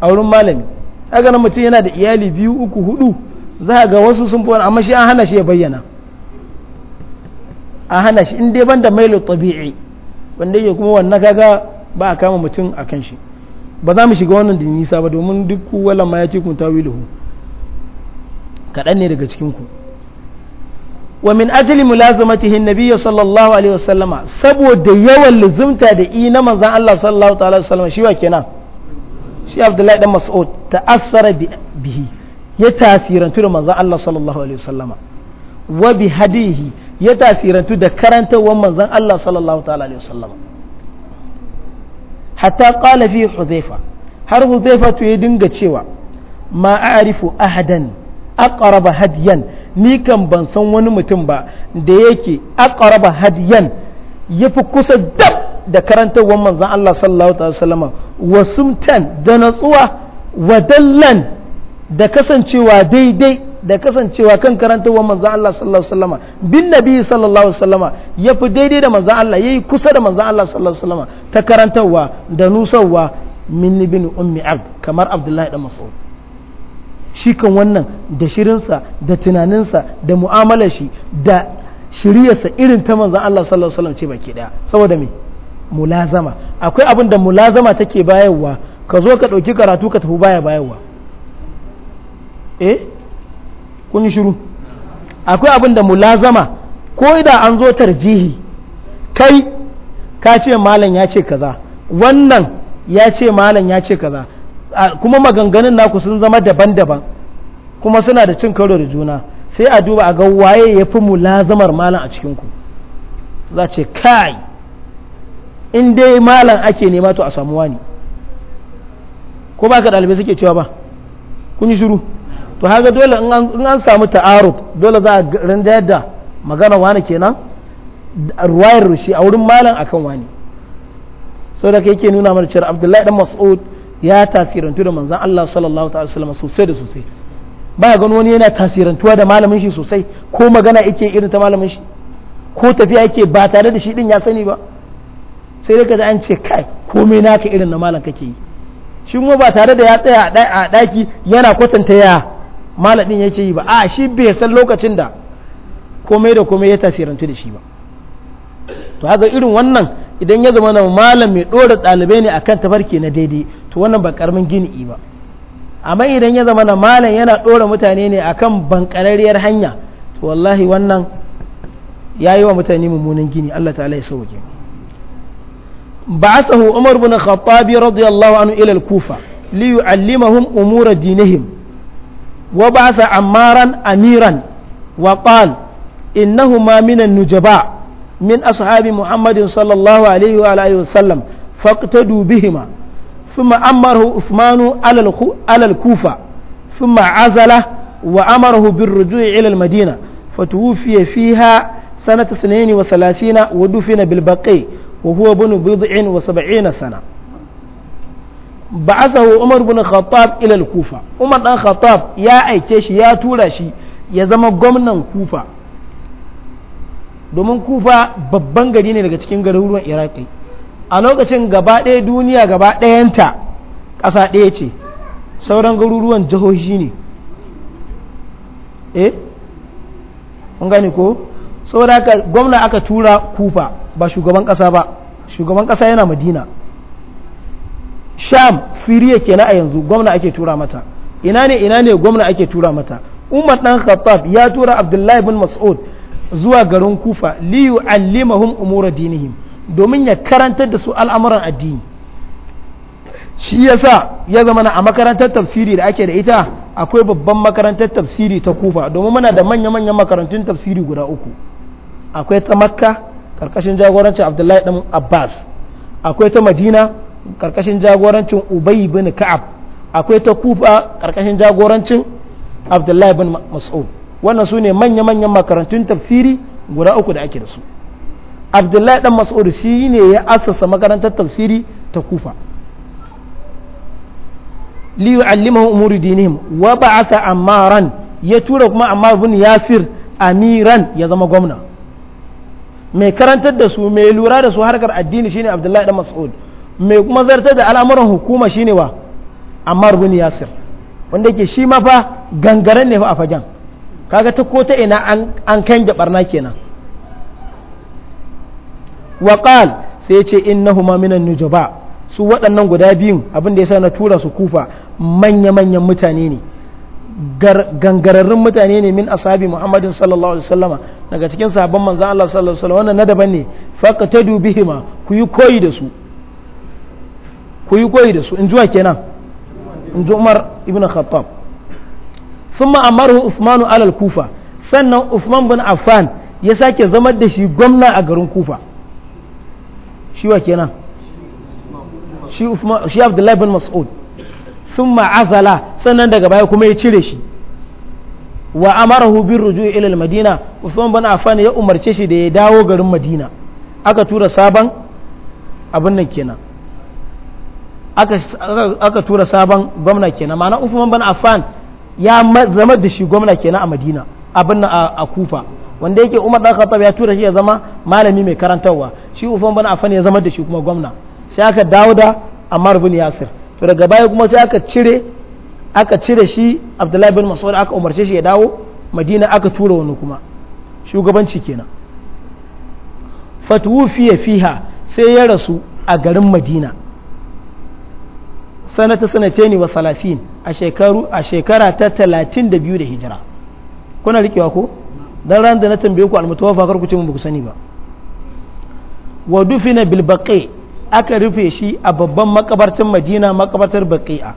a wurin malami haka na mutum yana da iyali biyu uku hudu za ga wasu sun fi amma shi an hana shi ya bayyana a hana shi in dai banda mailu tabi'i wanda yake kuma wannan kaga ba a kama mutum a kan shi ba za mu shiga wannan da nisa ba domin duk wala ma ya ce kun tawilu kaɗan ne daga cikinku. ku wa min ajli mulazamatihi nabiyyu sallallahu alaihi wasallama saboda yawan luzumta da ina na manzon Allah sallallahu ta'ala wasallama shi wa shi Abdullahi dan Mas'ud ta'assara bihi ya tasirantu da manzon Allah sallallahu alaihi wasallama wa bi hadihi ya tasirantu da karantarwar manzon Allah sallallahu ta'ala alaihi wasallama hatta qala fi Hudhaifa har Hudhaifa to ya dinga cewa ma a'rifu ahadan aqraba hadiyan ni kan ban san wani mutum ba da yake aqraba hadiyan yafi kusa dab da karantarwar manzon Allah sallallahu alaihi wasallam wasumtan da natsuwa wa dallan da kasancewa daidai da kasancewa kan karantarwar manzon Allah sallallahu alaihi wasallam bin nabi sallallahu alaihi wasallam yafi daidai da manzon Allah yayi kusa da manzon Allah sallallahu alaihi wasallam ta karantarwa da nusarwa min ibn ummi abd kamar abdullahi dan mas'ud shi kan wannan da shirinsa da tunaninsa da mu'amalar shi da shiryarsa irin ta manzan Allah sallallahu alaihi wasallam ce baki daya saboda me mulazama akwai abin da mulazama take bayarwa ka zo ka ɗauki karatu ka tafi baya bayarwa eh kun yi shiru akwai abin da mulazama ko da an zo tarjihi kai ka ce malam ya ce kaza wannan ya ce malam ya ce kaza kuma maganganun naku sun zama daban-daban kuma suna da cin karo da juna sai a duba a ga waye ya fi mulazamar malam a cikinku za ce kai in dai malam ake nema to a samu wani ko ba ka ɗalibai suke cewa ba kun yi shiru to haka dole in an samu ta'arud dole za a rinda da magana wani kenan ruwayar rushe a wurin malam akan wani sau da yake nuna mana cewa abdullahi dan mas'ud ya tasirantu da manzan Allah sallallahu ta'ala sallama sosai da sosai ba ya gani wani yana tasirantuwa da malamin shi sosai ko magana yake irin ta malamin shi ko tafiya yake ba tare da shi din ya sani ba sai dai kaji an ce kai komai naka irin na malam kake yi shi kuma ba tare da ya tsaya a daki yana kwatanta ya malam din yake yi ba a shi bai san lokacin da komai da komai ya tasirantu da shi ba to haka irin wannan idan ya zama malam mai ɗora ɗalibai ne akan tafarki na daidai to wannan ba karamin gini ba amma idan ya zama malam yana ɗora mutane ne akan bankarariyar hanya to wallahi wannan ya yi wa mutane mummunan gini Allah ta'ala ya sauke بعثه عمر بن الخطاب رضي الله عنه umura الكوفة ليعلمهم أمور دينهم amiran عمارا أميرا وقال إنهما minan nujaba' من أصحاب محمد صلى الله عليه وآله وسلم فاقتدوا بهما ثم أمره عثمان على الكوفة ثم عزله وأمره بالرجوع إلى المدينة فتوفي فيها سنة 32 ودفن بالبقي وهو ابن بضع وسبعين سنة بعثه عمر بن الخطاب إلى الكوفة عمر بن الخطاب يا أيكيش يا تولاشي يا زما قمنا كوفة domin kufa babban gari ne daga cikin garuruwan iraki a lokacin gaba ɗaya duniya gaba ɗayanta ƙasa ɗaya ce sauran garuruwan jihohi ne eh kun gani ko saboda haka gwamna aka tura kufa ba shugaban ƙasa ba shugaban ƙasa yana madina sham siriya na a yanzu gwamna ake tura mata ina ne ina ne gwamna ake tura mata umar ɗan khattab ya tura abdullahi bin mas'ud zuwa garin kufa liyu allimahum umura dinihim domin ya karantar da su al'amuran addini shi yasa ya zama na a makarantar tafsiri da ake da ita akwai babban makarantar tafsiri ta kufa domin muna da manya-manyan makarantun tafsiri guda uku akwai ta makka karkashin jagorancin abdullahi dan abbas akwai ta madina karkashin jagorancin ubay bin ka'ab akwai ta kufa karkashin jagorancin abdullahi bin mas'ud wannan su ne manya-manyan makarantun tafsiri guda uku da ake da su abdullahi dan mas'ud shi ne ya asasa makarantar tafsiri ta kufa li yu'allimahu umuri dinihim wa ba'atha amaran ya tura kuma ammar bin yasir amiran ya zama gwamna mai karantar da su mai lura da su harkar addini ne abdullahi dan mas'ud mai kuma zartar da al'amuran hukuma shine wa ammar bin yasir wanda yake shi ma fa gangaren ne fa a fajan kaga ta ko ta ina an da barna kenan qal sai ce innahuma minan nujaba su waɗannan guda biyun abin da yasa na tura su kufa manya-manyan mutane ne gangararrun mutane ne min asabi muhammadin sallallahu alaihi wasallama daga cikin sahabban manzon Allah sallallahu alaihi wasallam wannan na daban ne faqtadu bihima ku yi koyi da su ku yi koyi da su in zuwa kenan in zuwa Umar ibn Khattab ثم amaru عثمان alal kufa sannan عثمان بن عفان ya sake zama da shi gwamna a garin kufa shi wa kenan shi usman shi abdullahi bin mas'ud thumma azala sannan daga baya kuma ya cire shi wa amarahu bin ruju'i ila al-madina usman bin ya umarce shi da ya dawo garin madina aka tura sabon abin nan kenan aka tura sabon gwamna kenan ma'ana ufuman bin afan. ya zama da shi gwamna kenan a madina abin na a kufa wanda yake umar dan khattab ya tura shi ya zama malami mai karantarwa shi ufan bana afan ya zama da shi kuma gwamna sai aka dawo da ammar bin yasir to daga baya kuma sai aka cire aka cire shi abdullahi bin mas'ud aka umarce shi ya dawo madina aka tura wani kuma shugabanci kenan fiye fiha sai ya rasu a garin madina sanata sanace ne wa salasin a shekaru a shekara ta talatin da biyu da hijira kuna rikewa ko dan ran da na tambaye ku almutawaffa kar ku ce mun ku sani ba wa dufina bil baqi aka rufe shi a babban makabartar Madina makabartar Baqi'a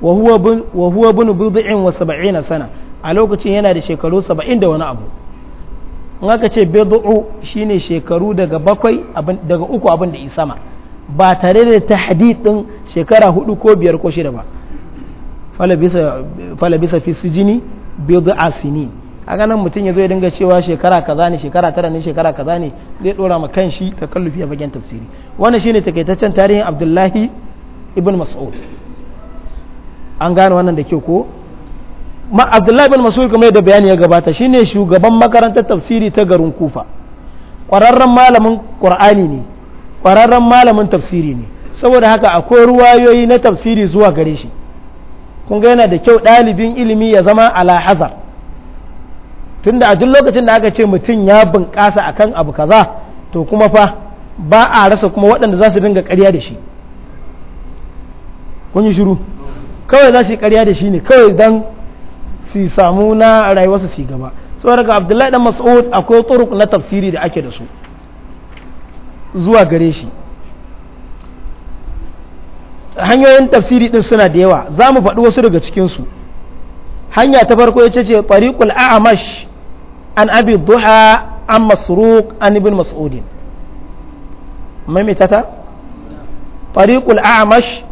wa huwa wa huwa bin bid'in wa sab'ina sana a lokacin yana da shekaru 70 da wani abu in aka ce bid'u shine shekaru daga bakwai daga uku abin da isama ba tare da tahdid din shekara hudu ko biyar ko shida ba falabisa fi sijini bidu asini a ganin mutum ya zo ya dinga cewa shekara kaza ne shekara tara ne shekara kaza ne zai dora ma kan shi takallufi a bagen tafsiri wannan shine takaitaccen tarihin abdullahi ibn mas'ud an gane wannan da kyau ko ma abdullahi ibn mas'ud kuma da bayani ya gabata shine shugaban makarantar tafsiri ta garin kufa kwararren malamin qur'ani ne kwararren malamin tafsiri ne saboda haka akwai ruwayoyi na tafsiri zuwa gare shi kun ga yana da kyau ɗalibin ilimi ya zama ala hazar tunda a duk lokacin da aka ce mutum ya bunƙasa a kan abu kaza to kuma fa ba a rasa kuma waɗanda za su dinga ƙarya da shi kun yi shiru kawai za su yi ƙarya da shi ne kawai don su samu na rayuwarsu su gaba saboda ga abdullahi dan mas'ud akwai turuk na tafsiri da ake da su zuwa gare shi hanyoyin tafsiri din suna da yawa za mu faɗi wasu daga cikinsu hanya ta farko ya ce tariqul a'amash an abi duha an masruq an ibn mas'udin mamitata tariqul a'amash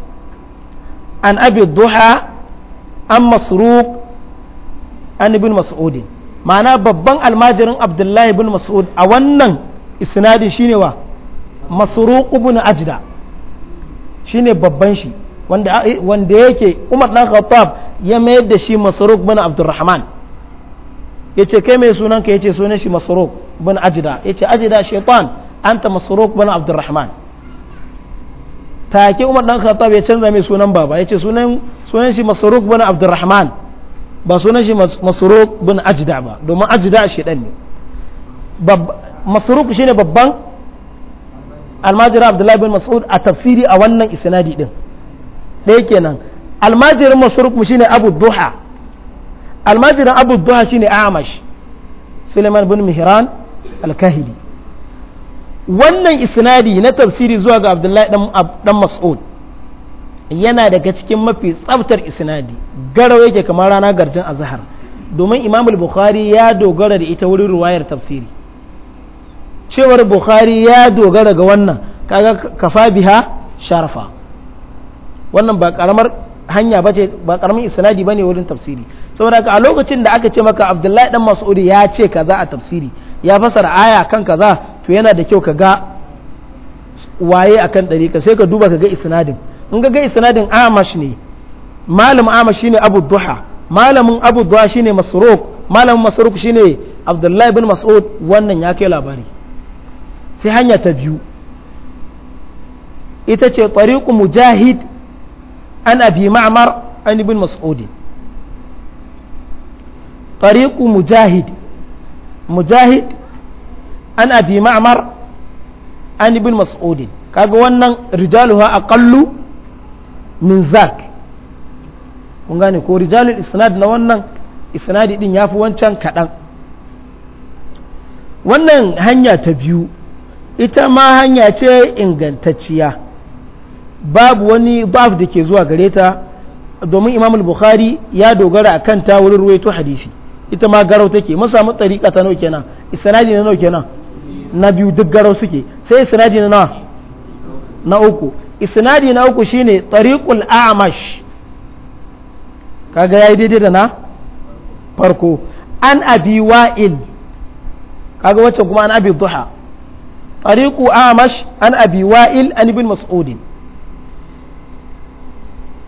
an abi duha an masruq an ibn mas'udin ma'ana babban almajirin abdullahi ibn mas'ud a wannan isnadin shine wa masruq ibn ajda shi ne babban shi wanda wanda yake Umar dan Khattab ya mayar da shi Masruq bin Abdurrahman ce kai mai sunan ka ce sunan shi Masruq bin Ajda yace Ajda shaytan anta Masruq bin Abdurrahman take Umar dan Khattab ya canza mai sunan baba yace sunan sunan shi Masruq bin Abdurrahman ba sunan shi Masruq bin ajida ba domin ajida shi shedan ne shi ne babban almajirin abdullahi bin mas'ud a tafsiri a wannan isnadi din ɗaya kenan almajirin masruq shine abu duha almajirin abu duha shine amash suleiman bin mihran alkahili wannan isnadi na tafsiri zuwa ga abdullahi dan mas'ud yana daga cikin mafi tsabtar isnadi garau yake kamar rana garjin azhar domin imamul bukhari ya dogara da ita wurin riwayar tafsiri cewar bukhari ya dogara ga wannan kaga kafa biha sharafa wannan ba karamar hanya bace ba karamin isnadi bane wurin tafsiri saboda a lokacin da aka ce maka abdullahi dan mas'udi ya ce kaza a tafsiri ya fasara aya kan kaza to yana da kyau ka ga waye akan dariƙa sai ka duba ka ga isnadin in ga ga isnadin amash ne malam amash shine abu duha malamin abu duha shine masruq malamin masruq shine abdullahi bin mas'ud wannan ya kai labari sai hanya ta biyu ita ce tsariku mujahid an abi ma'amar an ibn mas'ud tsariku mujahid mujahid an abi ma'amar an ibn mas'ud kaga wannan rijaluha aqallu min zak kun gane ko rijalul isnad na wannan isnadi din yafi wancan kadan wannan hanya ta biyu ita ma hanya ce ingantacciya babu wani baf da ke zuwa gare ta domin imam bukhari ya dogara a kan ta wurin ruwaito hadisi ita ma garau take mun samu tariƙa ta nauke na isanadi na nauke na na biyu duk garau suke sai isanadi na na uku isanadi na uku shine tariqul a'mash kaga yayi daidai da na farko an abi wa'il kaga wacce kuma an abi duha طريق أعمش عن أبي وائل عن ابن مسعود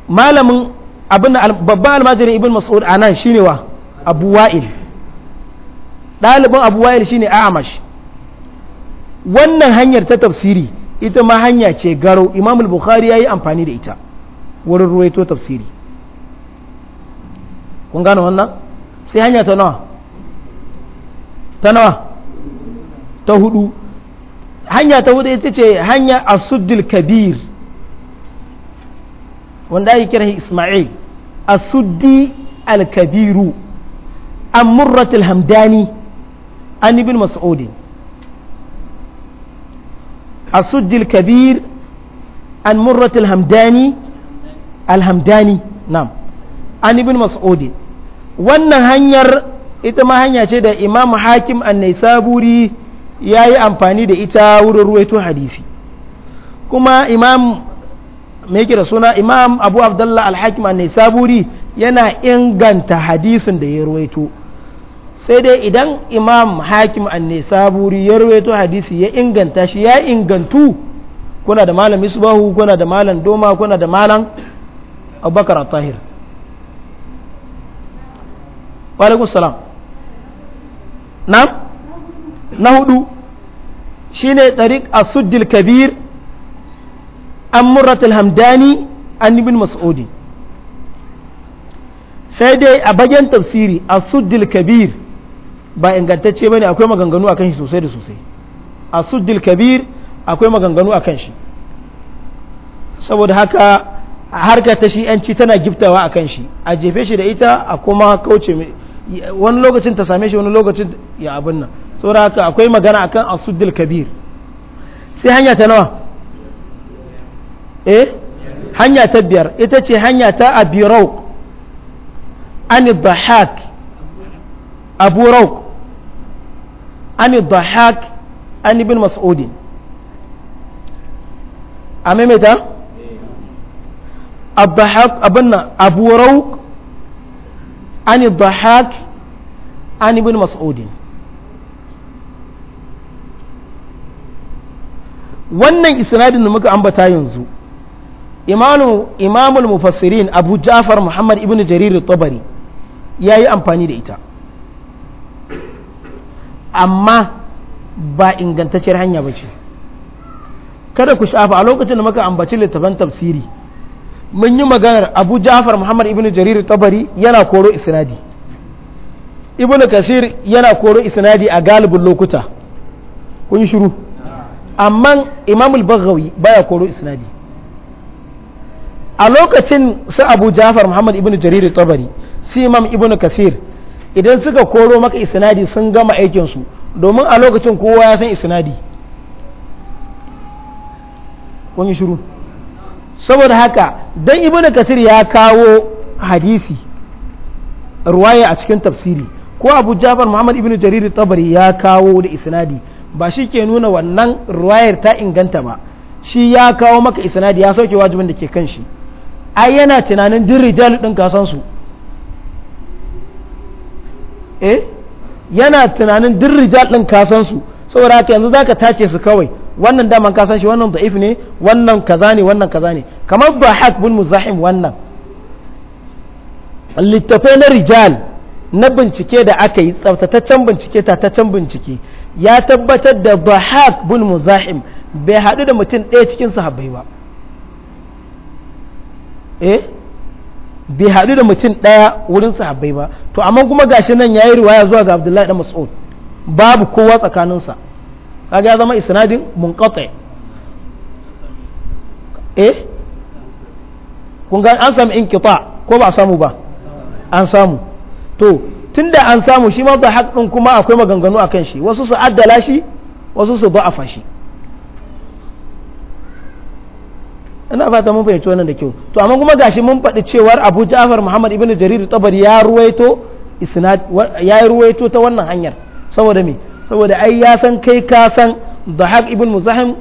malamin abin da babban almajirin ibn mas'ud a nan shine wa abu wa'il ɗaliban abu wa'il shine amash wannan hanyar ta tafsiri ita ma hanya ce garo imam al-bukhari yi amfani da ita wurin ruwaito tafsiri kun gano wannan sai hanya ta nawa ta nawa ta hudu hanya ta hudu ita ce hanya asuddil kabir wanda ake kira isma'il asuddi al-kabiru an murratul hamdani an ibn mas'udin asuddi al-kabir an murratul hamdani alhamdani nam an ibn mas'udin wannan hanyar ita ma hanya ce da imam hakim an-naisaburi ya yi amfani da ita wurin ruwaito hadisi kuma imam mai kira suna imam abu abdullah alhakima ne saburi yana inganta hadisin da ya ruwaito sai dai idan imam hakim an ne saburi ya ruwaito hadisi ya inganta shi ya ingantu kuna da malam isbahu kuna da malam doma kuna da malam abubakar tahir walaikun salam na na hudu shine tariq asuddil kabir an murratul hamdani an ibn mas'udi sai dai a bagen tafsiri asuddil kabir ba ingantacce ba ne akwai maganganu akan shi sosai da sosai asuddil kabir akwai maganganu akan shi saboda haka harka ta shi yanci tana giftawa akan shi a jefe shi da ita a kuma kauce wani lokacin ta same shi wani lokacin ya abin nan saboda haka akwai magana akan asuddul kabir sai hanya ta nawa eh hanya ta biyar ita ce hanya ta abi rauk ani dhahak abu rauk ani dhahak ani bin mas'udin a maimaita الضحاك أبنا أبو روك عن الضحاك عن ابن مسعود wannan isnadin da muka ambata yanzu imamu imamul mufassirin abu ja'far muhammad ibn jarir tabari ya yi amfani da ita amma ba ingantacciyar hanya ba ce kada ku shafa a lokacin da muka ambaci littafan tafsiri mun yi maganar abu ja'far muhammad ibn jarir tabari yana koro isnadi ibn kasir yana koro isnadi a galibin lokuta kun shiru amma imamul baghawi baya koro isnadi a lokacin su abu jafar muhammad ibn jarir tabari si imam ibn kasir idan suka koro maka isnadi sun gama aikinsu domin a lokacin kowa ya san isnadi kun yi shiru saboda haka dan ibn kasir ya kawo hadisi ruwaya a cikin tafsiri ko abu jafar muhammad ibn jarir tabari ya kawo da isnadi ba shi ke nuna wannan ruwayar ta inganta ba shi ya kawo maka isanadi ya sauke wajibin da ke kan shi ai yana tunanin din rijal din ka san su eh yana tunanin din rijal din ka san su saboda haka yanzu zaka tace su kawai wannan daman ka san shi wannan da'if ne wannan kaza ne wannan kaza ne kamar Dhahak bin Muzahim wannan littafai na rijal na bincike da aka yi tsaftataccen bincike tataccen bincike ya tabbatar da dhahak bin muzahim bai haɗu da mutum ɗaya cikin sahabbai ba eh bai haɗu da mutum ɗaya wurin sahabbai ba to amma kuma gashi nan yayi riwaya zuwa ga Abdullahi dan Mas'ud babu kowa tsakaninsa kaga ya zama isnadin munqati eh kun ga an samu inqita ko ba a samu ba an samu to tun da an samu shi ma haƙ ɗin kuma akwai maganganu kan shi wasu su addala shi wasu su da'afa shi ina fata mun fahimci wannan da kyau to amma kuma gashi mun faɗi cewar Abu Ja'far Muhammad ibn Jarir Tabari ya ruwaito ya ruwaito ta wannan hanyar saboda me saboda ai ya san kai ka san dhahab ibn Muzahim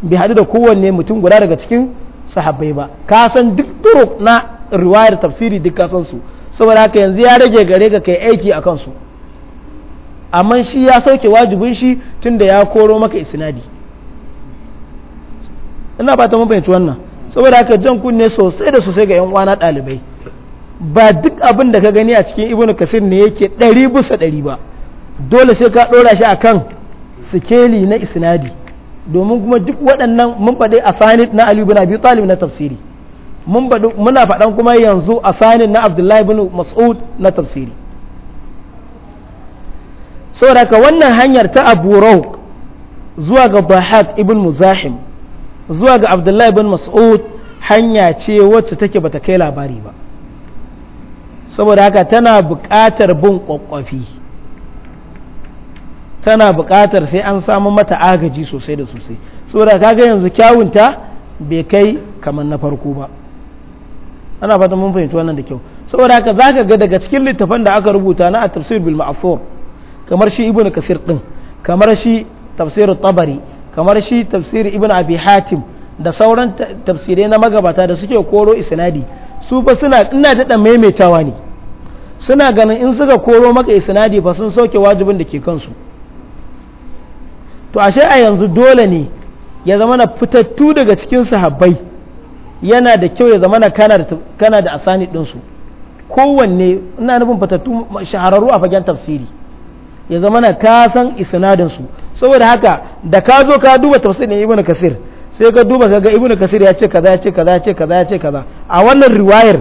bai haɗu da kowanne mutum guda daga cikin sahabbai ba ka san duk turuk na riwayar tafsiri duk ka san su saboda haka yanzu ya rage gare ka kai aiki a kansu amma shi ya sauke wajibin shi tun da ya koro maka isinadi ina ba ta mabanci wannan saboda haka jan kunne sosai da sosai ga 'yan uwana ɗalibai ba duk abin da ka gani a cikin ibn kasir ne yake ɗari busa ɗari ba dole sai ka ɗora shi a kan sikeli na isinadi domin kuma duk waɗannan mun faɗi a sanid na aliyu bin biyu talib na tafsiri muna faɗan kuma yanzu a sanin na abdullahi bin mas'ud na tafsiri saboda wannan hanyar ta abu rauk zuwa ga bahad ibn muzahim zuwa ga abdullahi bin mas'ud hanya ce wacce take bata kai labari ba saboda haka tana buƙatar bin ƙwaƙwafi tana buƙatar sai an samu mata agaji sosai da sosai saboda kaga yanzu kyawunta bai kai kamar na farko ba ana fata mun fahimci wannan da kyau saboda haka zaka ga daga cikin littafan da aka rubuta na tafsir bil ma'thur kamar shi ibnu kasir din kamar shi tafsir tabari kamar shi tafsir ibnu abi hatim da sauran tafsirai na magabata da suke koro isnadi su fa suna ina daɗa maimaitawa ne suna ganin in suka koro maka isnadi fa sun sauke wajibin da ke kansu to ashe a yanzu dole ne ya zama na fitattu daga cikin sahabbai yana da kyau ya zama kana da asani ɗinsu kowanne ina nufin fatattu shahararru a fagen tafsiri ya zama na kasan isnadinsu saboda haka da ka zo ka duba tafsirin ibnu kasir sai ka duba kaga ibnu kasir ya ce kaza ya ce kaza ya ce kaza ya ce kaza a wannan riwayar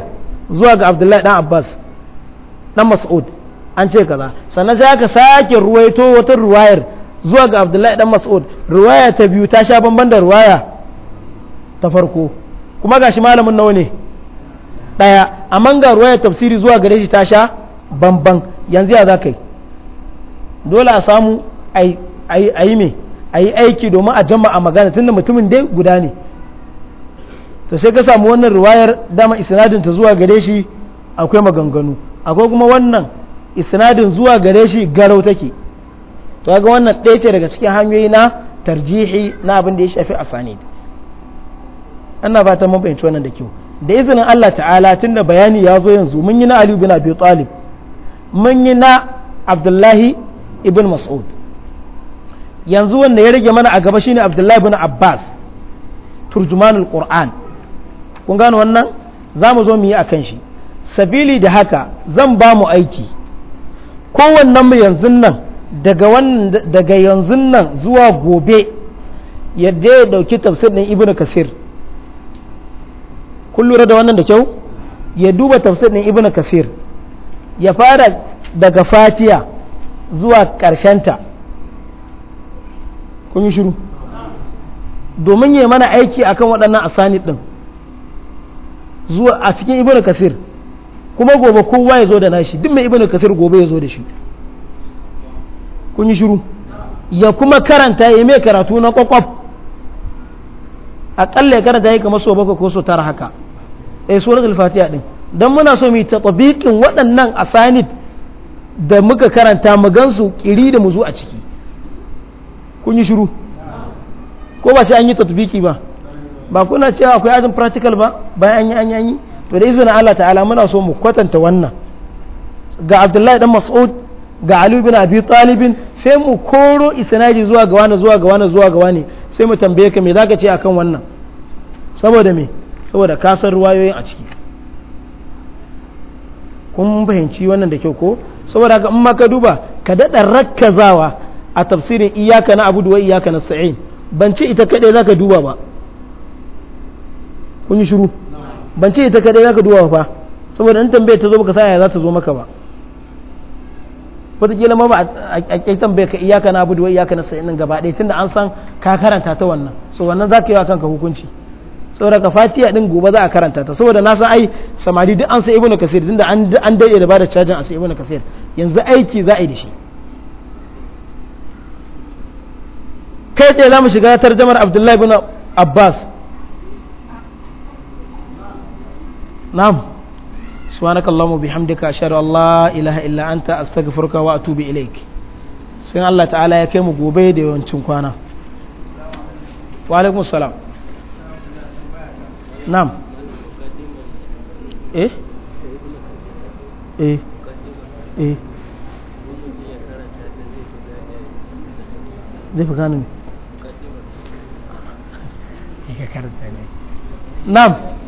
zuwa ga abdullahi dan abbas dan mas'ud an ce kaza sannan sai aka sake ruwaito wata riwayar zuwa ga abdullahi dan mas'ud riwaya ta biyu ta sha bamban da riwaya ta farko kuma gashi malamin nawa ne ɗaya amma ga ruwayar tafsiri zuwa gare shi ta sha bamban yanzu ya za ka yi dole a samu a yi me a yi aiki domin a a magana da mutumin dai guda ne to sai ka samu wannan ruwayar dama isnadin ta zuwa gare shi akwai maganganu akwai kuma wannan isnadin zuwa gare shi garau take to ga wannan ɗaya ce daga cikin hanyoyi na tarjihi na abin da ya shafi asanid ana fata mun fahimci wannan da kyau da izinin Allah ta'ala tunda bayani ya zo yanzu mun yi na Ali bin Abi Talib mun yi na Abdullahi ibn Mas'ud yanzu wanda ya rage mana a gaba shine Abdullahi ibn Abbas turjumanul Qur'an kun gano wannan za mu zo mu yi akan shi sabili da haka zan ba mu aiki kowannen mu yanzu nan daga daga yanzu nan zuwa gobe yadda ya dauki tafsir ɗin Ibn Kasir kun lura da wannan da kyau ya duba tafsir ɗin ibn kafir ya fara daga fatiya zuwa ta kun yi shiru domin ya mana aiki akan waɗannan asani ɗin zuwa a cikin ibn kafir kuma gobe kowa ya zo da nashi duk mai ibn kafir gobe ya zo da shi kun yi shiru ya kuma karanta ya mai karatu na kwakwaf aƙalla ya karanta ya kamar so bakwai ko so tara haka eh suratul fatiha din dan muna so mu ta tabiqin waɗannan asanid da muka karanta mu gansu kiri da mu zo a ciki kun yi shiru ko ba sai an yi tatbiki ba ba kuna cewa akwai ajin practical ba bayan an yi an yi to da izinin Allah ta'ala muna so mu kwatanta wannan ga Abdullahi dan Mas'ud ga Ali bin Abi Talib sai mu koro isnadi zuwa ga wani zuwa ga wani zuwa ga wani sai mu tambaye ka me zaka ce akan wannan saboda me saboda kasar ruwayoyin a ciki kun fahimci wannan da kyau ko saboda ga in ka duba ka daɗa rakkazawa a tafsirin iyaka na abudu wa iyaka na sa'in ban ce ita kaɗai za ka duba ba kun yi shiru ban ce ita kaɗai za ka duba ba saboda in tambaye ta zo baka saya za ta zo maka ba wataƙila ma ba a ƙi tambayar ka iyaka na abudu wa iyaka na sa'in gaba ɗaya tunda an san ka karanta ta wannan so wannan za ka yi wa kanka hukunci saboda fatiha din gobe za a karanta ta saboda na san ai samari duk an sai ibnu kasir tunda an daɗe da bada cajin a sai ibnu kasir yanzu aiki za a yi da shi kai tsaye za mu shiga tarjamar abdullahi bin abbas na'am subhanaka allahumma bihamdika ashhadu an la ilaha illa anta astaghfiruka wa atubu ilaik sai Allah ta'ala ya kai mu gobe da yawancin kwana wa alaikum salam na'am eh eh eh zai fi gane ne na'am